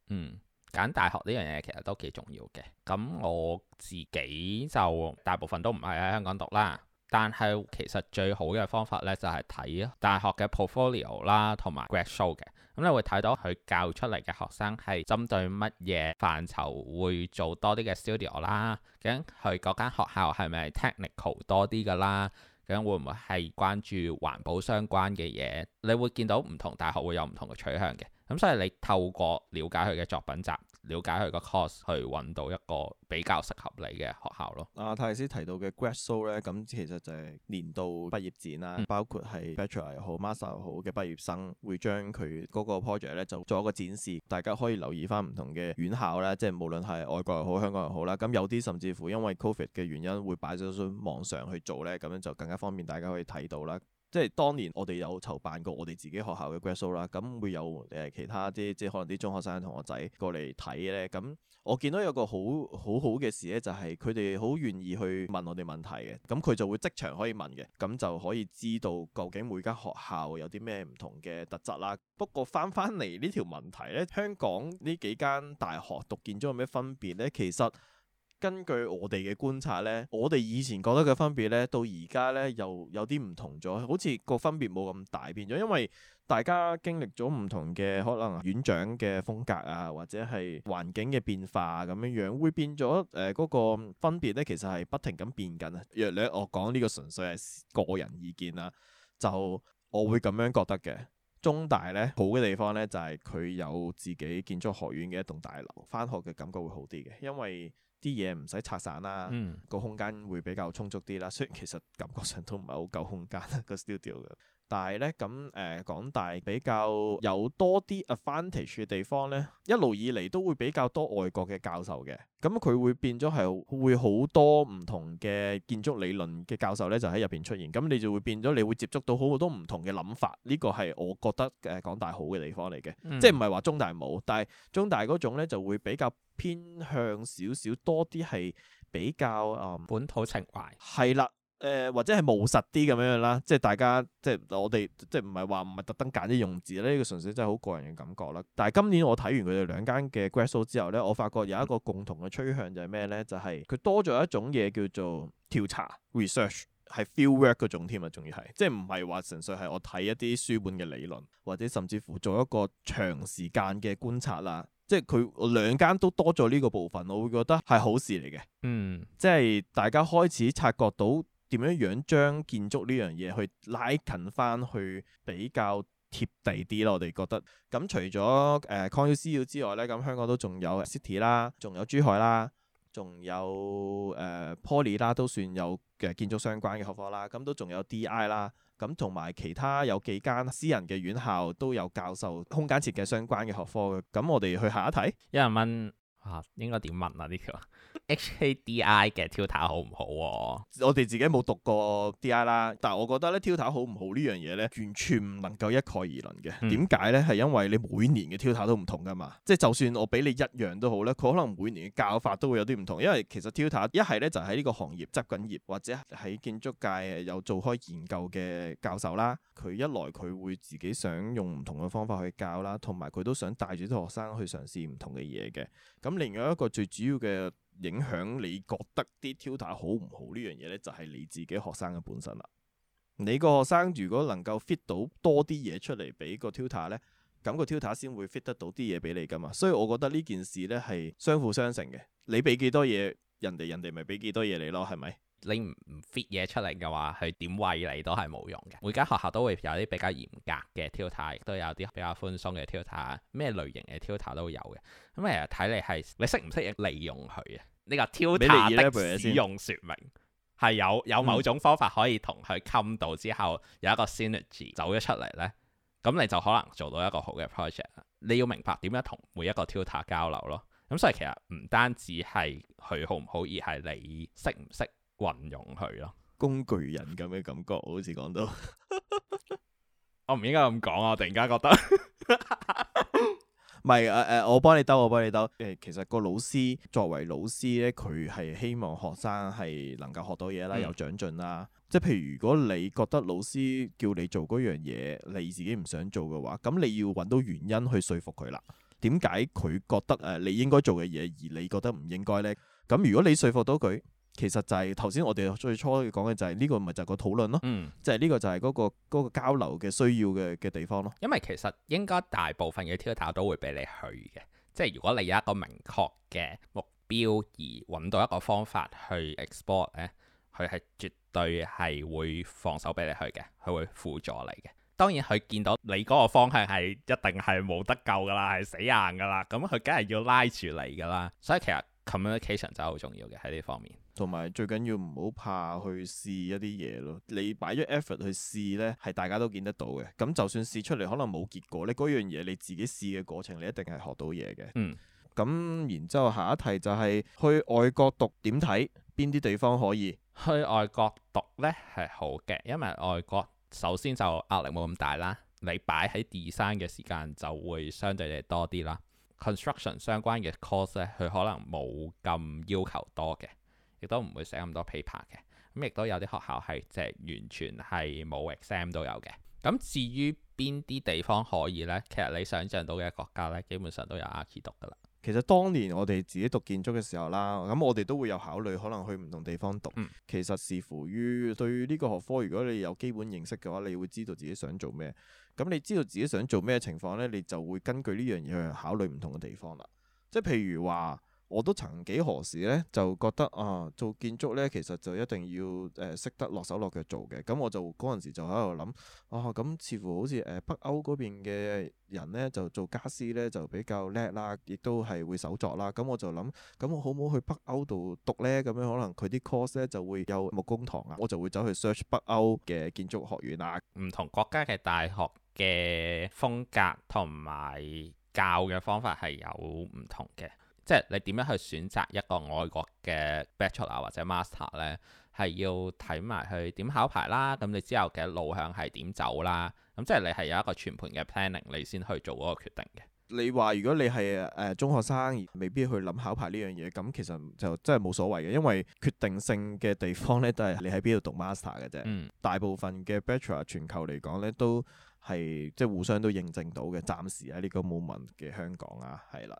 嗯，揀大學呢樣嘢其實都幾重要嘅。咁我自己就大部分都唔係喺香港讀啦。但係其實最好嘅方法呢就係啊睇大學嘅 portfolio 啦，同埋 grad show 嘅。咁你會睇到佢教出嚟嘅學生係針對乜嘢範疇會做多啲嘅 studio 啦。咁佢嗰間學校係咪 technical 多啲㗎啦？會，唔會，係關注環保相關嘅嘢？你會見到唔同大學會有唔同嘅取向嘅，咁所以你透過了解佢嘅作品集。了解佢個 course，去揾到一個比較適合你嘅學校咯。阿、啊、泰斯提到嘅 grad show 咧，咁其實就係年度畢業展啦，嗯、包括係 bachelor 又好，master 又好嘅畢業生會將佢嗰個 project 咧就做一個展示，大家可以留意翻唔同嘅院校啦，即係無論係外國又好，香港又好啦。咁有啲甚至乎因為 covid 嘅原因，會擺咗上網上去做咧，咁樣就更加方便大家可以睇到啦。即係當年我哋有籌辦過我哋自己學校嘅 gradshow 啦，咁會有誒其他啲即係可能啲中學生同學仔過嚟睇咧，咁我見到有個好好好嘅事咧，就係佢哋好願意去問我哋問題嘅，咁佢就會即場可以問嘅，咁就可以知道究竟每間學校有啲咩唔同嘅特質啦。不過翻翻嚟呢條問題咧，香港呢幾間大學讀建築有咩分別咧？其實。根據我哋嘅觀察呢，我哋以前覺得嘅分別呢，到而家呢又有啲唔同咗，好似個分別冇咁大變咗，因為大家經歷咗唔同嘅可能院長嘅風格啊，或者係環境嘅變化咁樣樣，會變咗誒嗰個分別呢，其實係不停咁變緊啊。若你我講呢個純粹係個人意見啦，就我會咁樣覺得嘅。中大咧好嘅地方咧就係、是、佢有自己建築學院嘅一棟大樓，翻學嘅感覺會好啲嘅，因為啲嘢唔使拆散啦，個、嗯、空間會比較充足啲啦。雖然其實感覺上都唔係好夠空間個 studio 嘅。 但係咧，咁誒港大比較有多啲 advantage 嘅地方咧，一路以嚟都會比較多外國嘅教授嘅，咁佢會變咗係會好多唔同嘅建築理論嘅教授咧，就喺入邊出現，咁你就會變咗，你會接觸到好多唔同嘅諗法，呢個係我覺得誒港大好嘅地方嚟嘅，嗯、即係唔係話中大冇，但係中大嗰種咧就會比較偏向少少多啲係比較誒、嗯、本土情懷，係啦。誒、呃、或者係務實啲咁樣樣啦，即係大家即係我哋即係唔係話唔係特登揀啲用字呢、呢個純粹真係好個人嘅感覺啦。但係今年我睇完佢哋兩間嘅 grad show 之後咧，我發覺有一個共同嘅趨向就係咩咧？就係、是、佢多咗一種嘢叫做調查 research，係 fieldwork 嗰種添啊，仲要係即係唔係話純粹係我睇一啲書本嘅理論，或者甚至乎做一個長時間嘅觀察啦。即係佢兩間都多咗呢個部分，我會覺得係好事嚟嘅。嗯，即係大家開始察覺到。點樣樣將建築呢樣嘢去拉近翻，去比較貼地啲咯？我哋覺得咁除咗誒 CU 之外咧，咁香港都仲有 City 啦，仲有珠海啦，仲有誒 Poly 啦，都算有嘅建築相關嘅學科啦。咁都仲有 DI 啦，咁同埋其他有幾間私人嘅院校都有教授空間設計相關嘅學科嘅。咁我哋去下一題。有人問啊，應該點問啊呢條？HADI 嘅 tutor 好唔好？我哋自己冇讀過 D.I. 啦，但係我覺得咧，tutor 好唔好呢樣嘢咧，完全唔能夠一概而論嘅。點解咧？係因為你每年嘅 tutor 都唔同噶嘛，即係就算我俾你一樣都好咧，佢可能每年嘅教法都會有啲唔同，因為其實 tutor 一係咧就喺呢個行業執緊業，或者喺建築界有做開研究嘅教授啦。佢一來佢會自己想用唔同嘅方法去教啦，同埋佢都想帶住啲學生去嘗試唔同嘅嘢嘅。咁另外一個最主要嘅。影響你覺得啲 tutor 好唔好呢樣嘢呢？就係你自己學生嘅本身啦。你個學生如果能夠 fit 到多啲嘢出嚟俾個 tutor 呢，咁個 tutor 先會 fit 得到啲嘢俾你噶嘛。所以我覺得呢件事呢係相輔相成嘅。你俾幾多嘢人哋，人哋咪俾幾多嘢你咯，係咪？你唔 fit 嘢出嚟嘅話，佢點餵你都係冇用嘅。每間學校都會有啲比較嚴格嘅 tutor，亦都有啲比較寬鬆嘅 tutor，咩類型嘅 tutor 都會有嘅。咁其實睇你係你識唔識利用佢啊？呢個 tutor 的使用説明係有有某種方法可以同佢溝到之後有一個 synergy 走咗出嚟咧，咁你就可能做到一個好嘅 project。你要明白點樣同每一個 tutor 交流咯。咁所以其實唔單止係佢好唔好，而係你識唔識。運用佢去咯，工具人咁嘅感覺，好似講到， 我唔應該咁講啊！我突然間覺得 唔係誒誒，我幫你兜，我幫你兜。誒，其實個老師作為老師咧，佢係希望學生係能夠學到嘢啦，嗯、有長進啦。即係譬如，如果你覺得老師叫你做嗰樣嘢，你自己唔想做嘅話，咁你要揾到原因去說服佢啦。點解佢覺得誒你應該做嘅嘢，而你覺得唔應該呢？咁如果你說服到佢。其實就係頭先，我哋最初講嘅就係呢個，咪就係個討論咯，即係呢個就係嗰個嗰個交流嘅需要嘅嘅地方咯。因為其實應該大部分嘅 tutor 都會俾你去嘅，即係如果你有一個明確嘅目標而揾到一個方法去 export 咧，佢係絕對係會放手俾你去嘅，佢會輔助你嘅。當然佢見到你嗰個方向係一定係冇得救噶啦，係死硬噶啦，咁佢梗係要拉住你噶啦。所以其實 communication 就好重要嘅喺呢方面。同埋最緊要唔好怕去試一啲嘢咯。你擺咗 effort 去試呢，係大家都見得到嘅。咁就算試出嚟可能冇結果，你嗰樣嘢你自己試嘅過程，你一定係學到嘢嘅。嗯，咁然之後下一題就係去外國讀點睇，邊啲地方可以去外國讀呢？係好嘅，因為外國首先就壓力冇咁大啦。你擺喺 design 嘅時間就會相對地多啲啦。construction 相關嘅 course 呢，佢可能冇咁要求多嘅。亦都唔會寫咁多 paper 嘅，咁亦都有啲學校係即係完全係冇 exam 都有嘅。咁至於邊啲地方可以呢？其實你想象到嘅國家呢，基本上都有 Archi 讀噶啦。其實當年我哋自己讀建築嘅時候啦，咁我哋都會有考慮可能去唔同地方讀。嗯、其實視乎於對於呢個學科，如果你有基本認識嘅話，你會知道自己想做咩。咁你知道自己想做咩情況呢，你就會根據呢樣嘢去考慮唔同嘅地方啦。即係譬如話。我都曾幾何時咧，就覺得啊，做建築咧，其實就一定要誒、呃、識得落手落腳做嘅。咁我就嗰陣時就喺度諗啊，咁似乎好似誒、呃、北歐嗰邊嘅人咧，就做家私咧就比較叻啦，亦都係會手作啦。咁我就諗，咁我好唔好去北歐度讀咧？咁樣可能佢啲 course 咧就會有木工堂啊，我就會走去 search 北歐嘅建築學院啊。唔同國家嘅大學嘅風格同埋教嘅方法係有唔同嘅。即係你點樣去選擇一個外國嘅 Bachelor 或者 Master 咧，係要睇埋佢點考牌啦。咁你之後嘅路向係點走啦？咁即係你係有一個全盤嘅 planning，你先去做嗰個決定嘅。你話如果你係誒中學生，未必去諗考牌呢樣嘢，咁其實就真係冇所謂嘅，因為決定性嘅地方咧都係你喺邊度讀 Master 嘅啫。嗯，大部分嘅 Bachelor 全球嚟講咧都係即係互相都認證到嘅。暫時喺呢個 moment 嘅香港啊，係啦。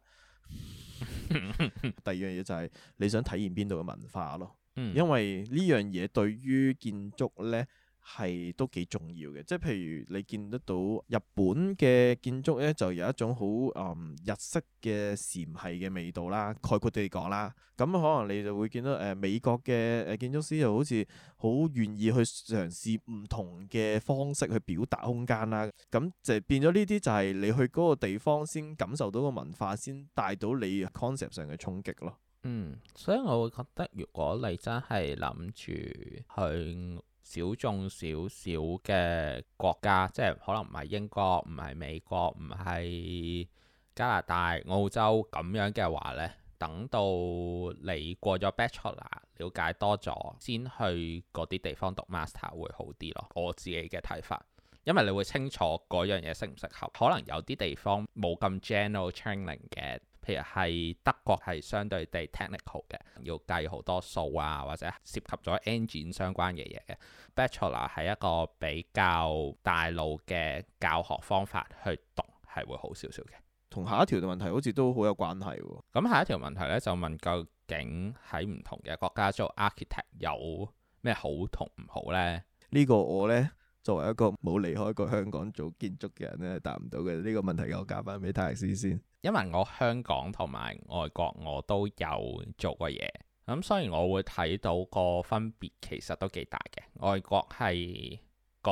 第二樣嘢就係你想體驗邊度嘅文化咯，因為呢樣嘢對於建築咧，係都幾重要嘅，即係譬如你見得到日本嘅建築咧，就有一種好誒、嗯、日式嘅禪係嘅味道啦，概括地講啦，咁可能你就會見到誒、呃、美國嘅誒建築師又好似好願意去嘗試唔同嘅方式去表達空間啦，咁就變咗呢啲就係你去嗰個地方先感受到個文化，先帶到你 concept 上嘅衝擊咯。嗯，所以我會覺得，如果你真係諗住去。小眾少少嘅國家，即係可能唔係英國，唔係美國，唔係加拿大、澳洲咁樣嘅話呢，等到你過咗 Bachelor，了解多咗，先去嗰啲地方讀 Master 會好啲咯。我自己嘅睇法，因為你會清楚嗰樣嘢適唔適合，可能有啲地方冇咁 general training 嘅。譬如係德國係相對地 technical 嘅，要計好多數啊，或者涉及咗 engine 相關嘅嘢嘅。Bachelor 係一個比較大路嘅教學方法去讀，係會好少少嘅。同下一條嘅問題好似都好有關係喎。咁下一條問題咧就問究竟喺唔同嘅國家做 architect 有咩好同唔好咧？呢個我咧作為一個冇離開過香港做建築嘅人咧，答唔到嘅呢個問題，我交翻俾泰斯先。因為我香港同埋外國我都有做過嘢，咁、嗯、雖然我會睇到個分別其實都幾大嘅，外國係個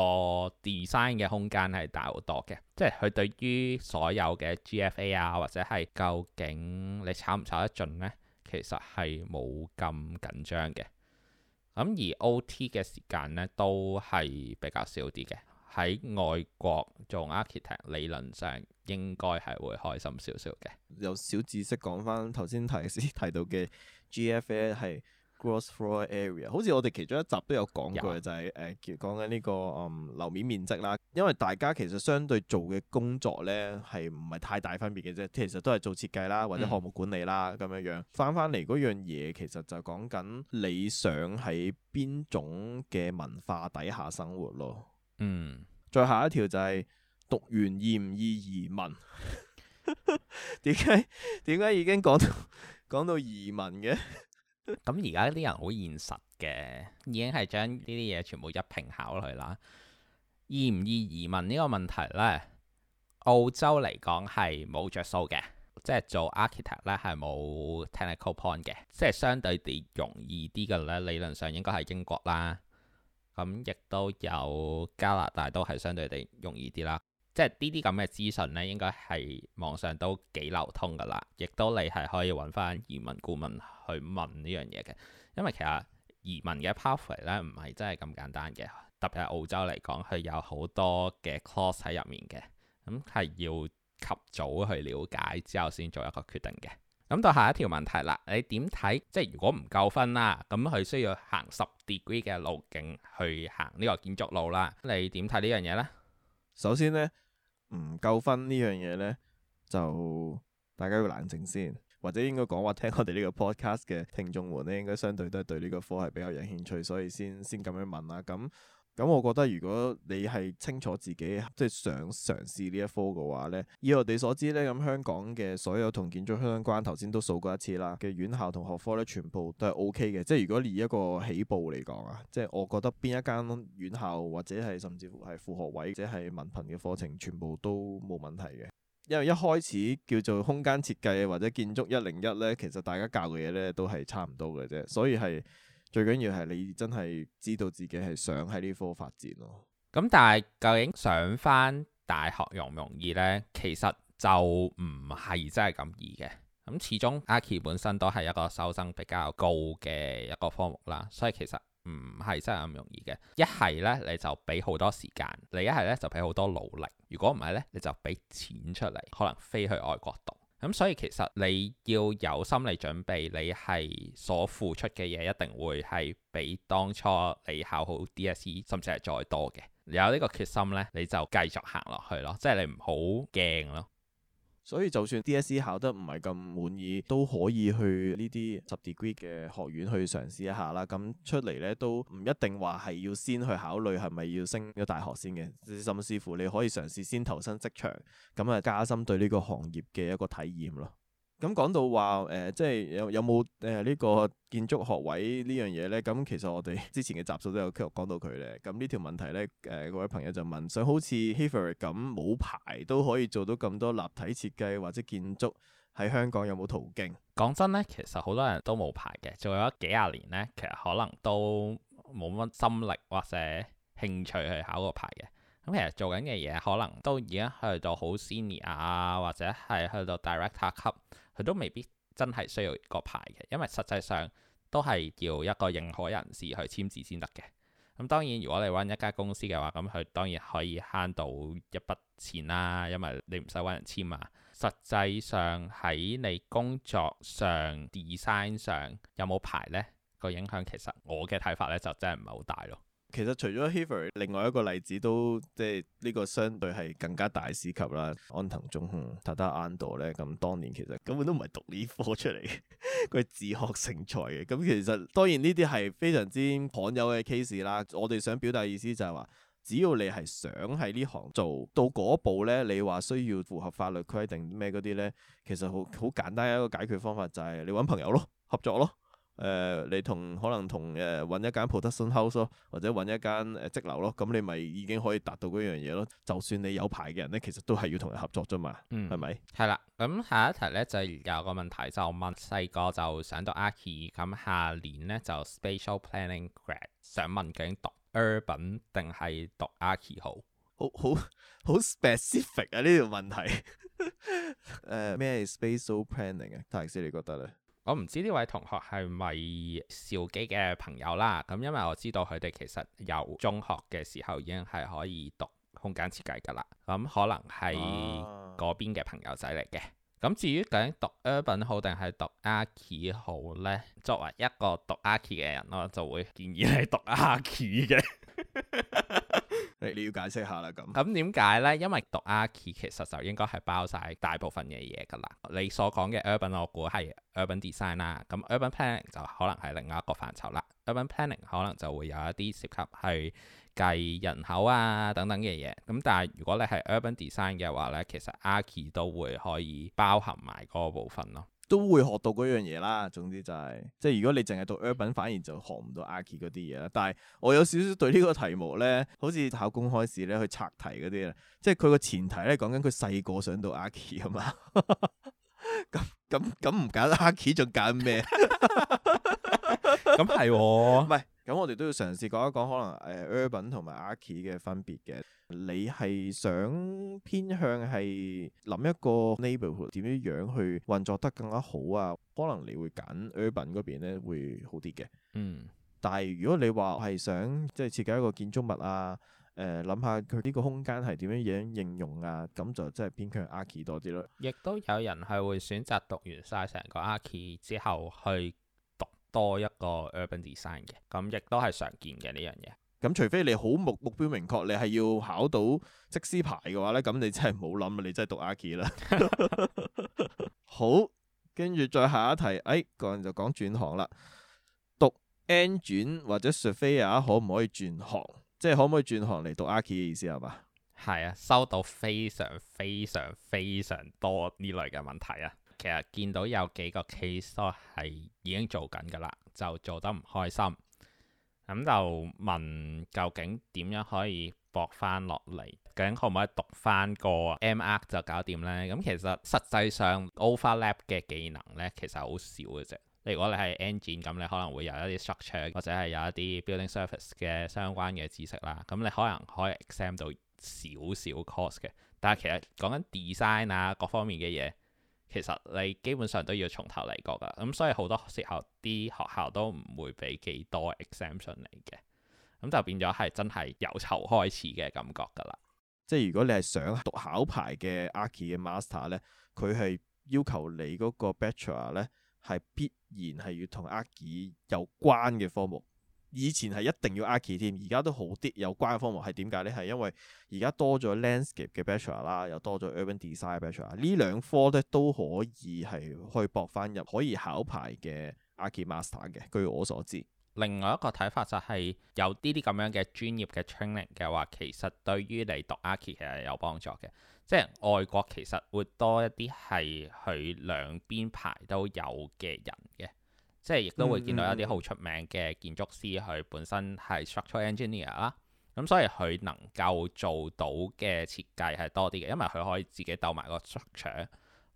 design 嘅空間係大好多嘅，即係佢對於所有嘅 GFA 啊或者係究竟你炒唔炒得盡呢，其實係冇咁緊張嘅。咁、嗯、而 OT 嘅時間呢，都係比較少啲嘅。喺外國做 architect 理論上應該係會開心少少嘅。有小知識，講翻頭先提先提到嘅 GFA 係 gross floor area，好似我哋其中一集都有講過，就係誒，叫講緊呢個嗯樓面面積啦。因為大家其實相對做嘅工作咧係唔係太大分別嘅啫，其實都係做設計啦，或者項目管理啦咁樣、嗯、樣。翻翻嚟嗰樣嘢其實就講緊你想喺邊種嘅文化底下生活咯。嗯，最後一條就係，再下一條就係讀完易唔易移民？點解點解已經講到講到移民嘅？咁而家啲人好現實嘅，已經係將呢啲嘢全部一併考慮啦。易唔易移民呢個問題呢，澳洲嚟講係冇着數嘅，即係做 architect 呢係冇 technical point 嘅，即係相對地容易啲嘅咧。理論上應該係英國啦。咁亦都有加拿大都係相對地容易啲啦，即係呢啲咁嘅資訊咧，應該係網上都幾流通噶啦。亦都你係可以揾翻移民顧問去問呢樣嘢嘅，因為其實移民嘅 pathway 咧唔係真係咁簡單嘅，特別係澳洲嚟講佢有好多嘅 course 喺入面嘅，咁、嗯、係要及早去了解之後先做一個決定嘅。咁到下一條問題啦，你點睇？即係如果唔夠分啦，咁佢需要行十 degree 嘅路徑去行呢個建築路啦，你點睇呢樣嘢呢？首先呢，唔夠分呢樣嘢呢，就大家要冷靜先，或者應該講話聽我哋呢個 podcast 嘅聽眾們呢，應該相對都係對呢個科系比較有興趣，所以先先咁樣問啦，啊。咁。咁我覺得，如果你係清楚自己即係想嘗試呢一科嘅話呢，以我哋所知呢，咁香港嘅所有同建築相關，頭先都數過一次啦嘅院校同學科呢，全部都係 OK 嘅。即係如果以一個起步嚟講啊，即係我覺得邊一間院校或者係甚至乎係副學位或者係文憑嘅課程，全部都冇問題嘅。因為一開始叫做空間設計或者建築一零一呢，其實大家教嘅嘢呢都係差唔多嘅啫，所以係。最緊要係你真係知道自己係想喺呢科發展咯。咁、嗯、但係究竟上翻大學容唔容易呢？其實就唔係真係咁易嘅。咁、嗯、始終 Archi 本身都係一個收生比較高嘅一個科目啦，所以其實唔係真係咁容易嘅。一係呢，你就俾好多時間，你一係呢，就俾好多努力。如果唔係呢，你就俾錢出嚟，可能飛去外國讀。咁所以其實你要有心理準備，你係所付出嘅嘢一定會係比當初你考好 DSE 甚至係再多嘅。有呢個決心呢，你就繼續行落去囉，即係你唔好驚囉。所以就算 DSE 考得唔係咁滿意，都可以去呢啲 sub degree 嘅學院去嘗試一下啦。咁出嚟咧都唔一定話係要先去考慮係咪要升咗大學先嘅，甚至乎你可以嘗試先投身職場，咁啊加深對呢個行業嘅一個體驗咯。咁講到話誒、呃，即係有有冇誒呢個建築學位呢樣嘢呢？咁其實我哋之前嘅集數都有繼續講到佢呢。咁呢條問題呢，誒、呃、各位朋友就問，想好似 Heatherwick 咁冇牌都可以做到咁多立體設計或者建築，喺香港有冇途徑？講真呢，其實好多人都冇牌嘅，做咗幾廿年呢，其實可能都冇乜心力或者興趣去考個牌嘅。咁其實做緊嘅嘢可能都已經去到好 senior 啊，或者係去到 director 佢都未必真係需要個牌嘅，因為實際上都係要一個認可人士去簽字先得嘅。咁當然，如果你揾一間公司嘅話，咁佢當然可以慳到一筆錢啦，因為你唔使揾人簽啊。實際上喺你工作上 design 上有冇牌咧，個影響，其實我嘅睇法咧就真係唔係好大咯。其實除咗 h i v e r 另外一個例子，都即係呢個相對係更加大師級啦。安藤忠雄、達達安度咧，咁當年其實根本都唔係讀呢科出嚟嘅，佢係自學成才嘅。咁其實當然呢啲係非常之罕有嘅 case 啦。我哋想表達嘅意思就係話，只要你係想喺呢行做到嗰步咧，你話需要符合法律規定咩嗰啲咧，其實好好簡單一個解決方法就係你揾朋友咯，合作咯。誒、呃，你同可能同誒揾一間 production house 咯，或者揾一間誒則樓咯，咁你咪已經可以達到嗰樣嘢咯。就算你有牌嘅人咧，其實都係要同人合作啫嘛，嗯，是是。嗯，係咪？係啦，咁下一題咧就而家有個問題就是、問細個就想讀 Archie，咁下年咧就 Spatial Planning Grad，想問究竟讀 Urban 定係讀 Archie 好，好？好好 specific 啊！呢、這、條、個、問題。誒、 呃，咩係 Spatial Planning 啊 Tax 你覺得咧？我唔知呢位同學係咪兆基嘅朋友啦，咁、嗯、因為我知道佢哋其實由中學嘅時候已經係可以讀空間設計噶啦，咁、嗯、可能係嗰邊嘅朋友仔嚟嘅。咁、嗯、至於究竟讀 Urban 好定係讀 Archi 好呢？作為一個讀 Archi 嘅人，我就會建議係讀 Archi 嘅。 你要解釋下啦，咁咁點解呢？因為讀 Archi 其實就應該係包晒大部分嘅嘢噶啦。你所講嘅 Urban，我估係 Urban Design 啦。咁 Urban Planning 就可能係另外一個範疇啦。Urban Planning 可能就會有一啲涉及去計人口啊等等嘅嘢。咁但係如果你係 Urban Design 嘅話呢，其實 Archi 都會可以包含埋嗰個部分咯。都會學到嗰樣嘢啦，總之就係、是、即係如果你淨係讀 Urban，反而就學唔到阿 Archi 嗰啲嘢啦。但係我有少少對呢個題目咧，好似考公開試咧去拆題嗰啲啦，即係佢個前提咧講緊佢細個想讀阿 Archi 啊嘛，咁咁咁唔揀阿 Archi，仲揀咩？咁係喎，唔 咁我哋都要嘗試講一講，可能誒、呃、urban 同埋 archi 嘅分別嘅。你係想偏向係諗一個 neighborhood 點樣樣去運作得更加好啊？可能你會揀 urban 嗰邊咧會好啲嘅。嗯。但係如果你話係想即係設計一個建築物啊，誒、呃、諗下佢呢個空間係點樣樣應用啊，咁就真係偏向 archi 多啲咯。亦都有人係會選擇讀完晒成個 archi 之後去多一個 urban design 嘅，咁亦都係常見嘅呢樣嘢。咁除非你好目目標明確，你係要考到則師牌嘅話呢，咁你真係唔好諗啊！你真係讀 Archie 啦。 好，跟住再下一題，哎，個人就講轉行啦，讀 engine 或者 surveying，可唔可以轉行？即係可唔可以轉行嚟讀 Archie 嘅意思係嘛？係啊，收到非常非常非常多呢類嘅問題啊！其實見到有幾個 case 都係已經做緊㗎啦，就做得唔開心，咁就問究竟點樣可以駁翻落嚟？究竟可唔可以讀翻個 MArch 就搞掂呢？咁其實實際上 overlap 嘅技能呢，其實好少嘅啫。如果你係 engine 咁，你可能會有一啲 structure 或者係有一啲 building surface 嘅相關嘅知識啦。咁你可能可以 exempt 到少少 course 嘅，但係其實講緊 design 啊各方面嘅嘢。其實你基本上都要從頭嚟過噶，咁、嗯、所以好多時候啲學校都唔會俾幾多 exemption 嚟嘅，咁、嗯、就變咗係真係由頭開始嘅感覺噶啦。即係如果你係想讀考牌嘅 Archi 嘅 master 咧，佢係要求你嗰個 bachelor 咧係必然係要同 Archi 有關嘅科目。以前係一定要 Archi 添，而家都好啲，有關嘅科目係點解呢？係因為而家多咗 landscape 嘅 Bachelor 啦，又多咗 urban design Bachelor，呢兩科咧都可以係可以博翻入，可以考牌嘅 Archi Master 嘅。據我所知，另外一個睇法就係有啲啲咁樣嘅專業嘅 training 嘅話，其實對於你讀 Archi 其實有幫助嘅，即係外國其實會多一啲係佢兩邊牌都有嘅人嘅。即係亦都會見到一啲好出名嘅建築師，佢、嗯、本身係 structural engineer 啦，咁、嗯、所以佢能夠做到嘅設計係多啲嘅，因為佢可以自己鬥埋個 structure，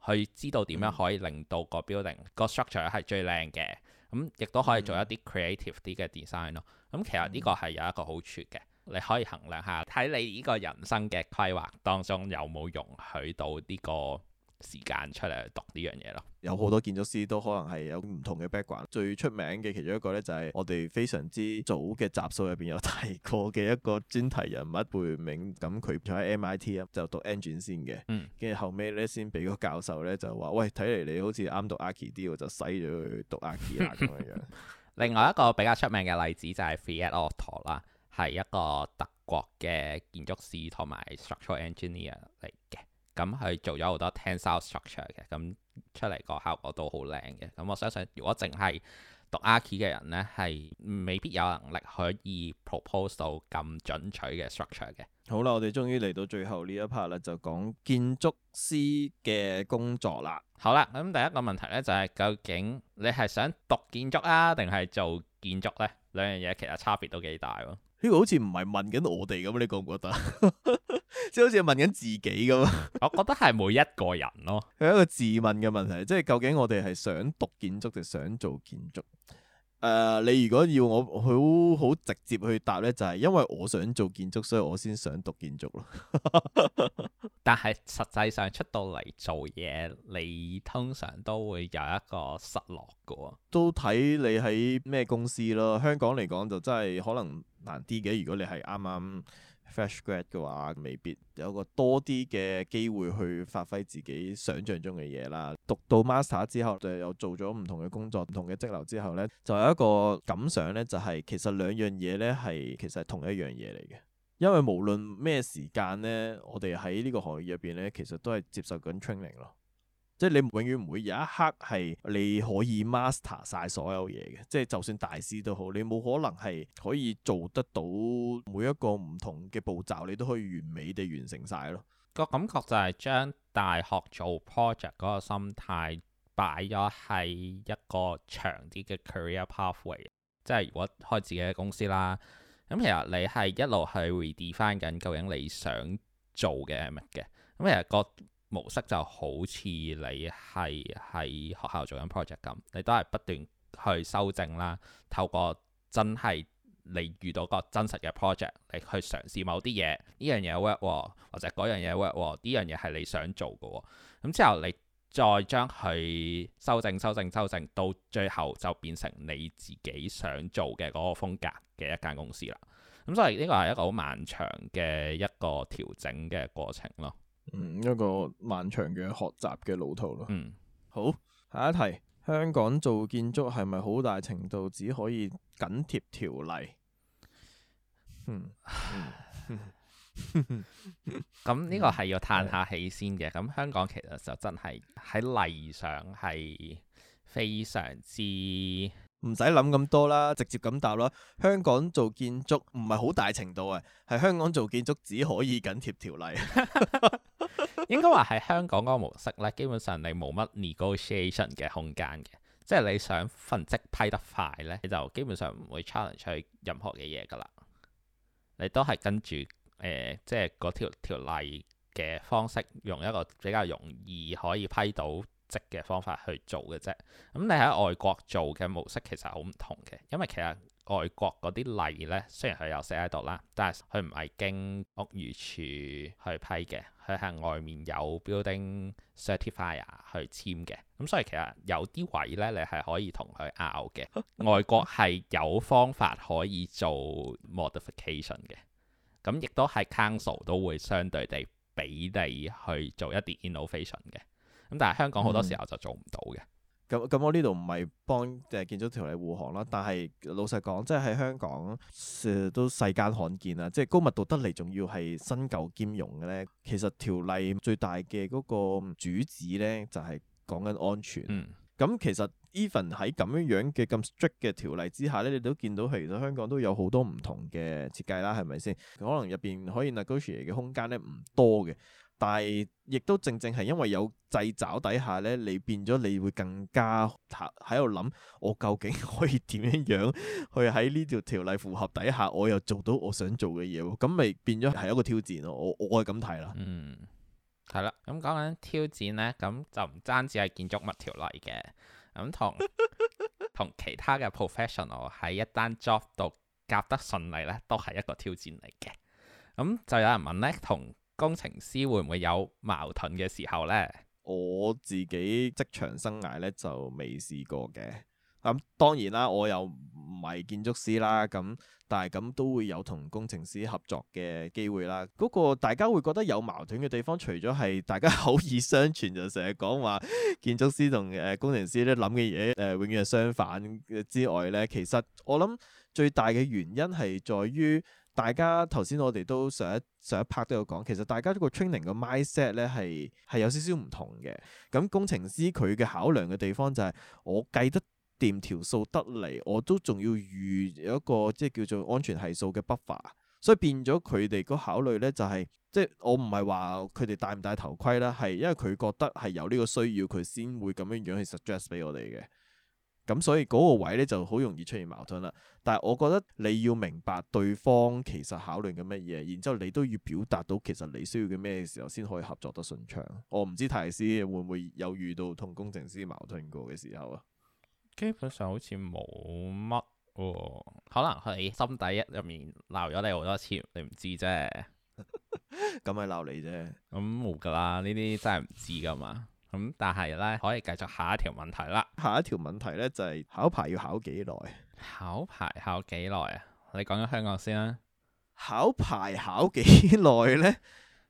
去知道點樣可以令到個 building、嗯、個 structure 係最靚嘅，咁亦都可以做一啲 creative 啲嘅 design 咯、嗯。咁、嗯、其實呢個係有一個好處嘅，你可以衡量下，睇你呢個人生嘅規劃當中有冇容許到呢、這個。時間出嚟去讀呢樣嘢咯，有好多建築師都可能係有唔同嘅 background。最出名嘅其中一個咧，就係我哋非常之早嘅集數入邊有提過嘅一個專題人物貝聿銘。咁佢就喺 MIT 啊，就讀 engine 先嘅。跟住、嗯、後尾咧，先俾個教授咧就話，喂，睇嚟你好似啱讀 archi 啲，我就洗咗去讀 archi 啦咁樣樣。 另外一個比較出名嘅例子就係 Frei Otto 啦，係一個德國嘅建築師同埋 structural engineer 嚟嘅。咁佢、嗯、做咗好多 tensile structure 嘅，咁、嗯、出嚟個效果都好靚嘅。咁、嗯、我相信如果淨係讀 arch 嘅人呢，係未必有能力可以 proposal 到咁準取嘅 structure 嘅。好啦，我哋終於嚟到最後呢一 part 啦，就講建築師嘅工作啦。好啦，咁、嗯、第一個問題呢，就係、是、究竟你係想讀建築啊，定係做建築呢？兩樣嘢其實差別都幾大喎、啊。呢個好似唔係問緊我哋咁，你覺唔覺得？即 係好似問緊自己咁。我覺得係每一個人咯，係一個自問嘅問題，即係究竟我哋係想讀建築定想做建築？誒，uh, 你如果要我好好直接去答呢，就係、是、因為我想做建築，所以我先想讀建築咯 。但係實際上出到嚟做嘢，你通常都會有一個失落嘅。都睇你喺咩公司咯。香港嚟講就真係可能難啲嘅。如果你係啱啱 fresh grad 嘅話未必有個多啲嘅機會去發揮自己想像中嘅嘢啦。讀到 master 之後就又做咗唔同嘅工作、唔同嘅職流之後呢，就有一個感想，呢就係、是、其實兩樣嘢呢係其實係同一樣嘢嚟嘅，因為無論咩時間呢，我哋喺呢個行業入邊呢，其實都係接受緊 training 咯。即係你永遠唔會有一刻係你可以 master 晒所有嘢嘅，即係就算大師都好，你冇可能係可以做得到每一個唔同嘅步驟，你都可以完美地完成晒咯。個感覺就係將大學做 project 嗰個心態擺咗喺一個長啲嘅 career pathway，即係如果開自己嘅公司啦，咁其實你係一路係 redefine 緊究竟你想做嘅係乜嘅，咁其實個模式就好似你係喺學校做緊 project 咁，你都係不斷去修正啦。透過真係你遇到個真實嘅 project，你去嘗試某啲嘢，呢樣嘢 work，或者嗰樣嘢 work，呢樣嘢係你想做嘅。咁之後你再將佢修正、修正、修正，到最後就變成你自己想做嘅嗰個風格嘅一間公司啦。咁所以呢個係一個好漫長嘅一個調整嘅過程咯。嗯，一個漫長嘅學習嘅路途咯。嗯，好，下一題，香港做建築係咪好大程度只可以緊貼條例嗯？嗯，咁呢個係要嘆下氣先嘅。咁、嗯、香港其實就真係喺例上係非常之唔使諗咁多啦，直接咁答啦。香港做建築唔係好大程度啊，係香港做建築只可以緊貼條例。 應該話喺香港嗰個模式咧，基本上你冇乜 negotiation 嘅空間嘅，即係你想份則批得快咧，你就基本上唔會 challenge 去任何嘅嘢㗎喇，你都係跟住誒、呃，即係嗰條條例嘅方式，用一個比較容易可以批到則嘅方法去做嘅啫。咁你喺外國做嘅模式其實好唔同嘅，因為其實。外國嗰啲例咧，雖然佢有寫喺度啦，但係佢唔係經屋宇署去批嘅，佢係外面有 building certifier 去簽嘅。咁所以其實有啲位咧，你係可以同佢拗嘅。外國係有方法可以做 modification 嘅，咁亦都係 council 都會相對地俾你去做一啲 innovation 嘅。咁但係香港好多時候就做唔到嘅。咁咁，我呢度唔係幫誒建築條例護航啦，但係老實講，即係喺香港都世間罕見啦，即係高密度得嚟，仲要係新舊兼容嘅咧。其實條例最大嘅嗰個主旨咧，就係講緊安全。嗯，咁其實 even 喺咁樣樣嘅咁 strict 嘅條例之下咧，你都見到其實香港都有好多唔同嘅設計啦，係咪先？可能入邊可以 negotiate 嘅空間咧唔多嘅。但係，亦都正正係因為有掣肘底下咧，你變咗你會更加喺度諗，我究竟可以點樣樣去喺呢條條例符合底下，我又做到我想做嘅嘢，咁咪變咗係一個挑戰咯。我我係咁睇啦。嗯，係啦。咁講緊挑戰咧，咁、嗯、就唔單止係建築物條例嘅，咁、嗯、同 同其他嘅 professional 喺一單 job 度夾得順利咧，都係一個挑戰嚟嘅。咁、嗯、就有人問咧，同工程師會唔會有矛盾嘅時候呢？我自己職場生涯咧就未試過嘅。咁、嗯、當然啦，我又唔係建築師啦。咁但係咁都會有同工程師合作嘅機會啦。嗰個大家會覺得有矛盾嘅地方，除咗係大家口耳相傳就成日講話建築師同誒工程師咧諗嘅嘢誒永遠係相反之外呢，其實我諗最大嘅原因係在於。大家頭先我哋都上一上一 part 都有講，其實大家個一個 training 個 mindset 咧係、係有少少唔同嘅。咁工程師佢嘅考量嘅地方就係、是、我計得掂條數得嚟，我都仲要預有一個即係叫做安全係數嘅 buffer，所以變咗佢哋個考慮咧就係、是、即係我唔係話佢哋戴唔戴頭盔啦，係因為佢覺得係有呢個需要，佢先會咁樣樣去 suggest 俾我哋嘅。咁所以嗰個位咧就好容易出現矛盾啦。但係我覺得你要明白對方其實考慮緊乜嘢，然之後你都要表達到其實你需要嘅咩時候先可以合作得順暢。我唔知泰斯會唔會有遇到同工程師矛盾過嘅時候啊？基本上好似冇乜哦，可能佢喺心底一入面鬧咗你好多次，你唔知啫。咁咪鬧你啫。咁冇噶啦，呢啲真係唔知噶嘛。咁、嗯、但係咧，可以繼續下一條問題啦。下一條問題咧就係、是、考牌要考幾耐？考牌考幾耐啊？你講緊香港先啦。考牌考幾耐咧？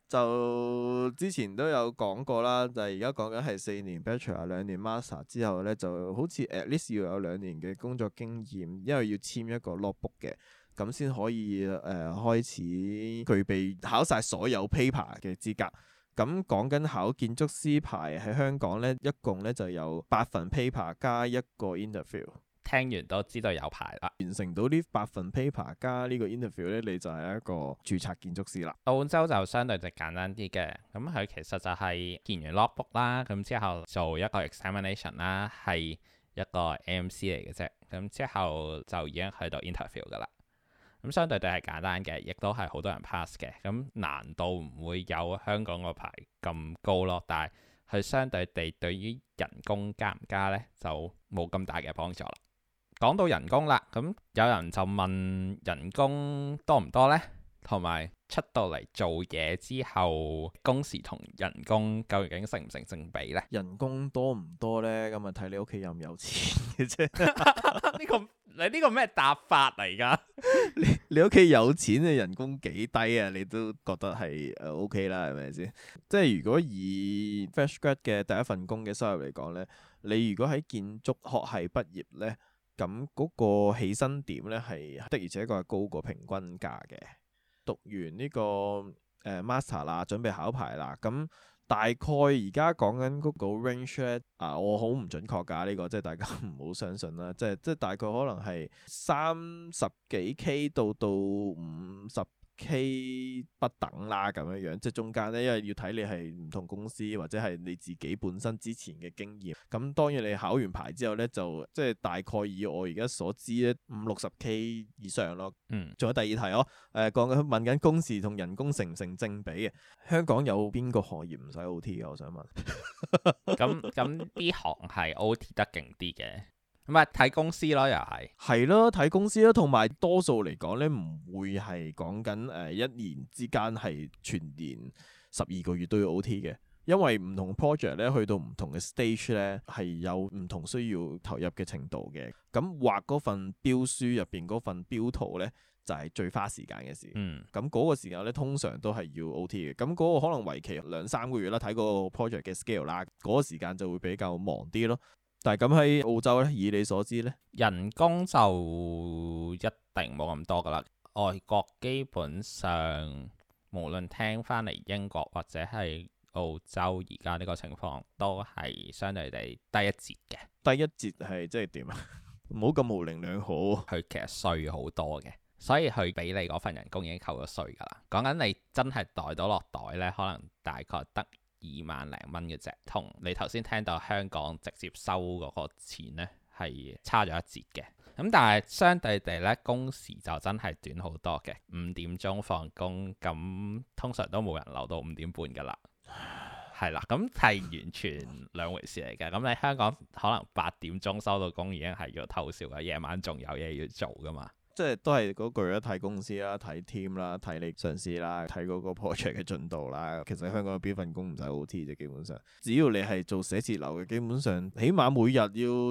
就之前都有講過啦，就而家講緊係四年 bachelor、兩年 master 之後咧，就好似 at least 要有兩年嘅工作經驗，因為要簽一個 logbook 嘅，咁先可以誒、呃、開始具備考晒所有 paper 嘅資格。咁講緊考建築師牌喺香港咧，一共咧就有八份 paper 加一個 interview。聽完都知道有牌啦。完成到呢八份 paper 加呢個 interview 咧，你就係一個註冊建築師啦。澳洲就相對就簡單啲嘅，咁佢其實就係建完 logbook 啦，咁之後做一個 examination 啦，係一個 MC 嚟嘅啫，咁之後就已經去到 interview 噶啦。咁相對地係簡單嘅，亦都係好多人 pass 嘅。咁難度唔會有香港個牌咁高咯，但係佢相對地對於人工加唔加呢，就冇咁大嘅幫助啦。講到人工啦，咁有人就問人工多唔多呢？同埋出到嚟做嘢之後，工時同人工究竟成唔成正比呢？人工多唔多呢？咁啊睇你屋企有唔有錢嘅啫。呢、 呢個。你呢個咩答法嚟噶？ 你你屋企有錢嘅人工幾低啊？你都覺得係誒 O K 啦，係咪先？ 即係如果以 fresh grad 嘅第一份工嘅收入嚟講呢，你如果喺建築學系畢業呢，咁嗰個起薪點呢，係的而且確係高過平均價嘅。讀完呢、呢個、呃、master 啦，準備考牌啦，咁。大概而家講緊嗰個 range 咧，啊，我好唔準確㗎呢個，即係大家唔好相信啦，即係即係大概可能係三十幾 K 到到五十。K 不等啦，咁樣樣，即係中間咧，因為要睇你係唔同公司或者係你自己本身之前嘅經驗。咁當然你考完牌之後咧，就即係大概以我而家所知咧，五六十 K 以上咯。嗯。仲有第二題哦，誒、呃，講緊問緊工時同人工成唔成正比嘅，香港有邊個行業唔使 O T 嘅？我想問。咁咁啲行係 O T 得勁啲嘅。唔係睇公司咯，又係係咯，睇 公司咯，同埋多數嚟講咧，唔會係講緊誒一年之間係全年十二個月都要 O T 嘅，因為唔同 project 咧去到唔同嘅 stage 咧，係有唔同需要投入嘅程度嘅。咁畫嗰份標書入邊嗰份標圖咧，就係最花時間嘅事。嗯，咁嗰個時間咧，通常都係要 O T 嘅。咁嗰個可能為期兩三個月啦，睇嗰個 project 嘅 scale 啦，嗰個時間就會比較忙啲咯。但係咁喺澳洲咧，以你所知咧，人工就一定冇咁多噶啦。外國基本上，無論聽翻嚟英國或者係澳洲，而家呢個情況都係相對地低一截嘅。低一截係即係點啊？冇咁無零兩好，佢其實稅好多嘅，所以佢俾你嗰份人工已經扣咗稅噶啦。講緊你真係袋到落袋咧，可能大概得，二萬零蚊嘅啫，同，你頭先聽到香港直接收嗰個錢呢，係差咗一截嘅。咁但係相對地呢，工時就真係短好多嘅，五點鐘放工，咁通常都冇人留到五點半噶啦。係啦， 咁係完全兩回事嚟嘅。咁你香港可能八點鐘收到工已經係要偷笑噶，夜晚仲有嘢要做噶嘛。即係都係嗰句啦，睇公司啦，睇 team 啦，睇你上司啦，睇嗰個 project 嘅進度啦。其實香港邊份工唔使 OT 啫，基本上只要你係做寫字樓嘅，基本上起碼每日要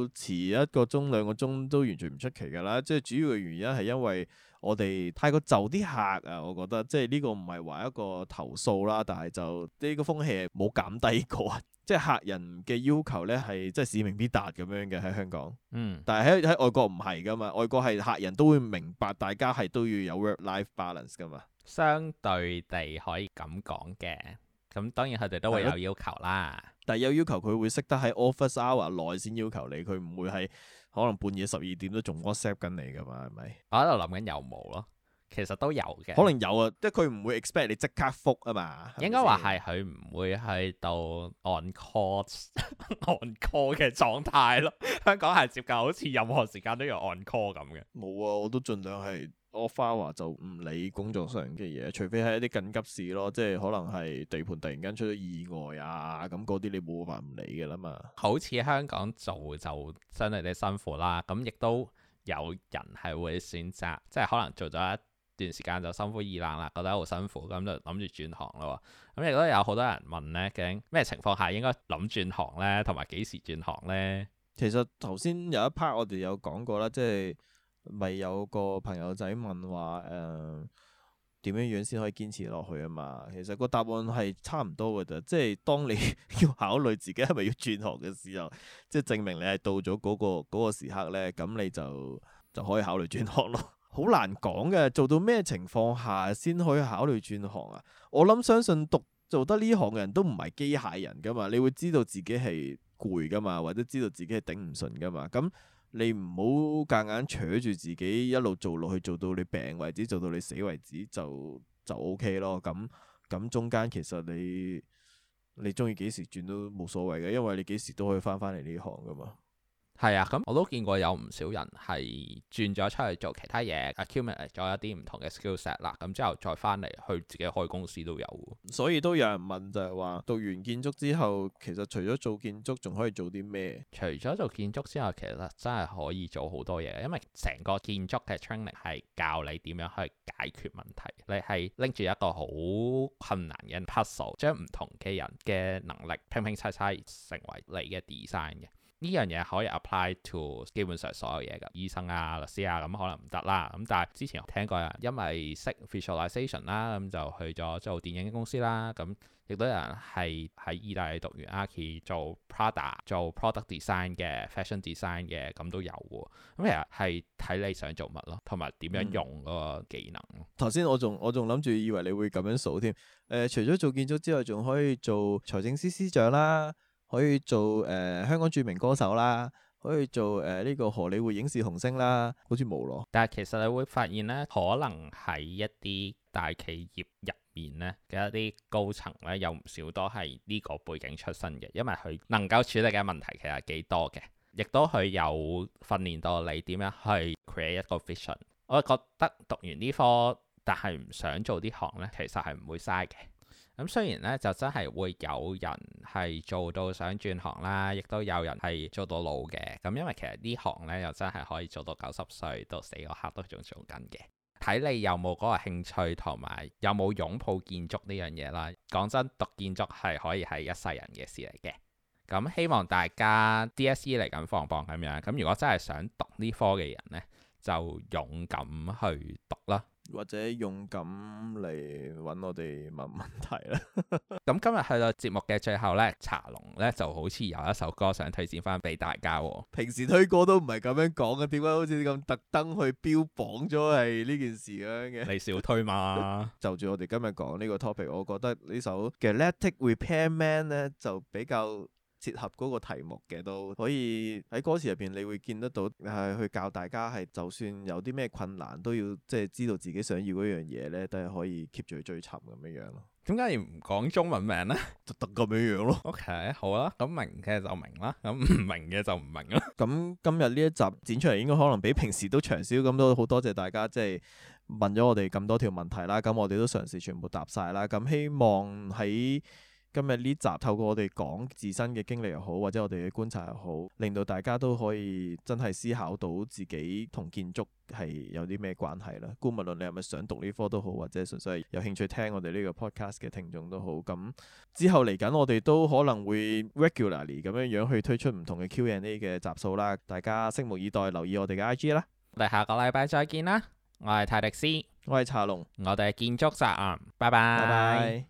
遲一個鐘兩個鐘都完全唔出奇㗎啦。即係主要嘅原因係因為，我哋太過就啲客啊，我覺得即係呢個唔係話一個投訴啦，但係就呢個風氣係冇減低過啊！ 即係客人嘅要求咧係即係使命必達咁樣嘅喺香港。嗯但，但係喺喺外國唔係噶嘛，外國係客人都會明白，大家係都要有 work-life balance 噶嘛。相對地可以咁講嘅，咁當然佢哋都會有要求啦。但係有要求佢會識得喺 office hour 內先要求你，佢唔會係。可能半夜十二點都仲 WhatsApp 緊你㗎嘛，係咪？我喺度諗緊有冇咯，其實都有嘅，可能有啊，即係佢唔會 expect 你即刻覆啊嘛。應該話係佢唔會喺度 on call on call 嘅狀態咯。香港係接近好似任何時間都有 on call 咁嘅。冇啊，我都盡量係。我花話就唔理工作上嘅嘢，除非係一啲緊急事咯，即係可能係地盤突然間出咗意外啊，咁嗰啲你冇辦法唔理嘅啦嘛。好似香港做就相對啲辛苦啦，咁亦都有人係會選擇，即係可能做咗一段時間就心灰意冷啦，覺得好辛苦，咁就諗住轉行咯。咁亦都有好多人問咧，究竟咩情況下應該諗轉行咧，同埋幾時轉行咧？其實頭先有一 part 我哋有講過啦，即係。咪有個朋友仔問話，誒、呃，點樣樣先可以堅持落去啊嘛？其實個答案係差唔多噶咋。即係當你要考慮自己係咪要轉行嘅時候，即係證明你係到咗嗰、嗰個嗰、嗰個時刻呢，咁你就就可以考慮轉行咯。好 難講嘅，做到咩情況下先可以考慮轉行啊？我諗相信讀做得呢行嘅人都唔係機械人噶嘛，你會知道自己係攰噶嘛，或者知道自己係頂唔順噶嘛，咁。你唔好夾硬扯住自己一路做落去，做到你病為止，做到你死為止就就 OK 咯。咁咁中間其實你你中意幾時轉都冇所謂嘅，因為你幾時都可以翻返嚟呢行噶嘛。係啊，咁我都見過有唔少人係轉咗出去做其他嘢，accumulate 咗一啲唔同嘅 skillset 啦，咁之後再翻嚟去自己開公司都有。所以都有人問就係話，讀完建築之後，其實除咗做建築，仲可以做啲咩？除咗做建築之後，其實真係可以做好多嘢，因為成個建築嘅 training 係教你點樣去解決問題。你係拎住一個好困難嘅 puzzle，將唔同嘅人嘅能力拼拼砌砌，成為你嘅 design 嘅。呢樣嘢可以 apply to 基本上所有嘢嘅，醫生啊、律師啊咁可能唔得啦。咁但係之前我聽過啊，因為識 visualisation 啦，咁就去咗做電影公司啦。咁亦都有人係喺意大利讀完 Archi 做 product 做 product design 嘅 fashion design 嘅，咁都有喎。咁其實係睇你想做乜咯，同埋點樣用個技能。頭先、嗯、我仲我仲諗住以為你會咁樣數添、呃。除咗做建築之外，仲可以做財政司司長啦。可以做誒、呃、香港著名歌手啦，可以做誒呢、呃這個荷里活影視紅星啦，好似冇咯。但係其實你會發現呢可能喺一啲大企業入面呢嘅一啲高層呢有唔少都係呢個背景出身嘅，因為佢能夠處理嘅問題其實幾多嘅，亦都佢有訓練到你點樣去 create 一個 vision。我覺得讀完呢科，但係唔想做呢行呢，其實係唔會嘥嘅。咁雖然咧，就真係會有人係做到想轉行啦，亦都有人係做到老嘅。咁因為其實呢行呢，又真係可以做到九十歲到死嗰刻都仲做緊嘅。睇你有冇嗰個興趣同埋有冇擁抱建築呢樣嘢啦。講真，讀建築係可以係一世人嘅事嚟嘅。咁希望大家 DSE 嚟緊放榜咁樣。咁如果真係想讀呢科嘅人呢，就勇敢去讀啦。或者勇敢嚟揾我哋問問題啦。咁今日係個節目嘅最後呢，茶龍呢就好似有一首歌想推薦翻俾大家、哦。平時推歌都唔係咁樣講嘅，點解好似咁特登去標榜咗係呢件事咁嘅？你少推嘛？ 就住我哋今日講呢個 topic，我覺得呢首《Galactic Repairman》呢就比較。結合嗰個題目嘅都可以喺歌詞入邊，你會見得到係去教大家係，就算有啲咩困難，都要即係知道自己想要嗰樣嘢咧，都係可以 keep 住去追尋咁樣樣咯。點解要唔講中文名咧？就得咁樣樣咯。OK，好啦，咁明嘅就明啦，咁唔明嘅就唔明啦。咁今日呢一集剪出嚟，應該可能比平時都長少咁，都好多謝大家即係問咗我哋咁多條問題啦。咁我哋都嘗試全部答曬啦。咁希望喺今日呢集透過我哋講自身嘅經歷又好，或者我哋嘅觀察又好，令到大家都可以真係思考到自己同建築係有啲咩關係啦。姑勿論，你係咪想讀呢科都好，或者純粹係有興趣聽我哋呢個 podcast 嘅聽眾都好。咁之後嚟緊我哋都可能會 regularly 咁樣樣去推出唔同嘅 Q&A 嘅集數啦。大家拭目以待，留意我哋嘅 IG 啦。我哋下個禮拜再見啦！我係泰迪斯，我係茶龍，我哋係建築宅男，拜拜。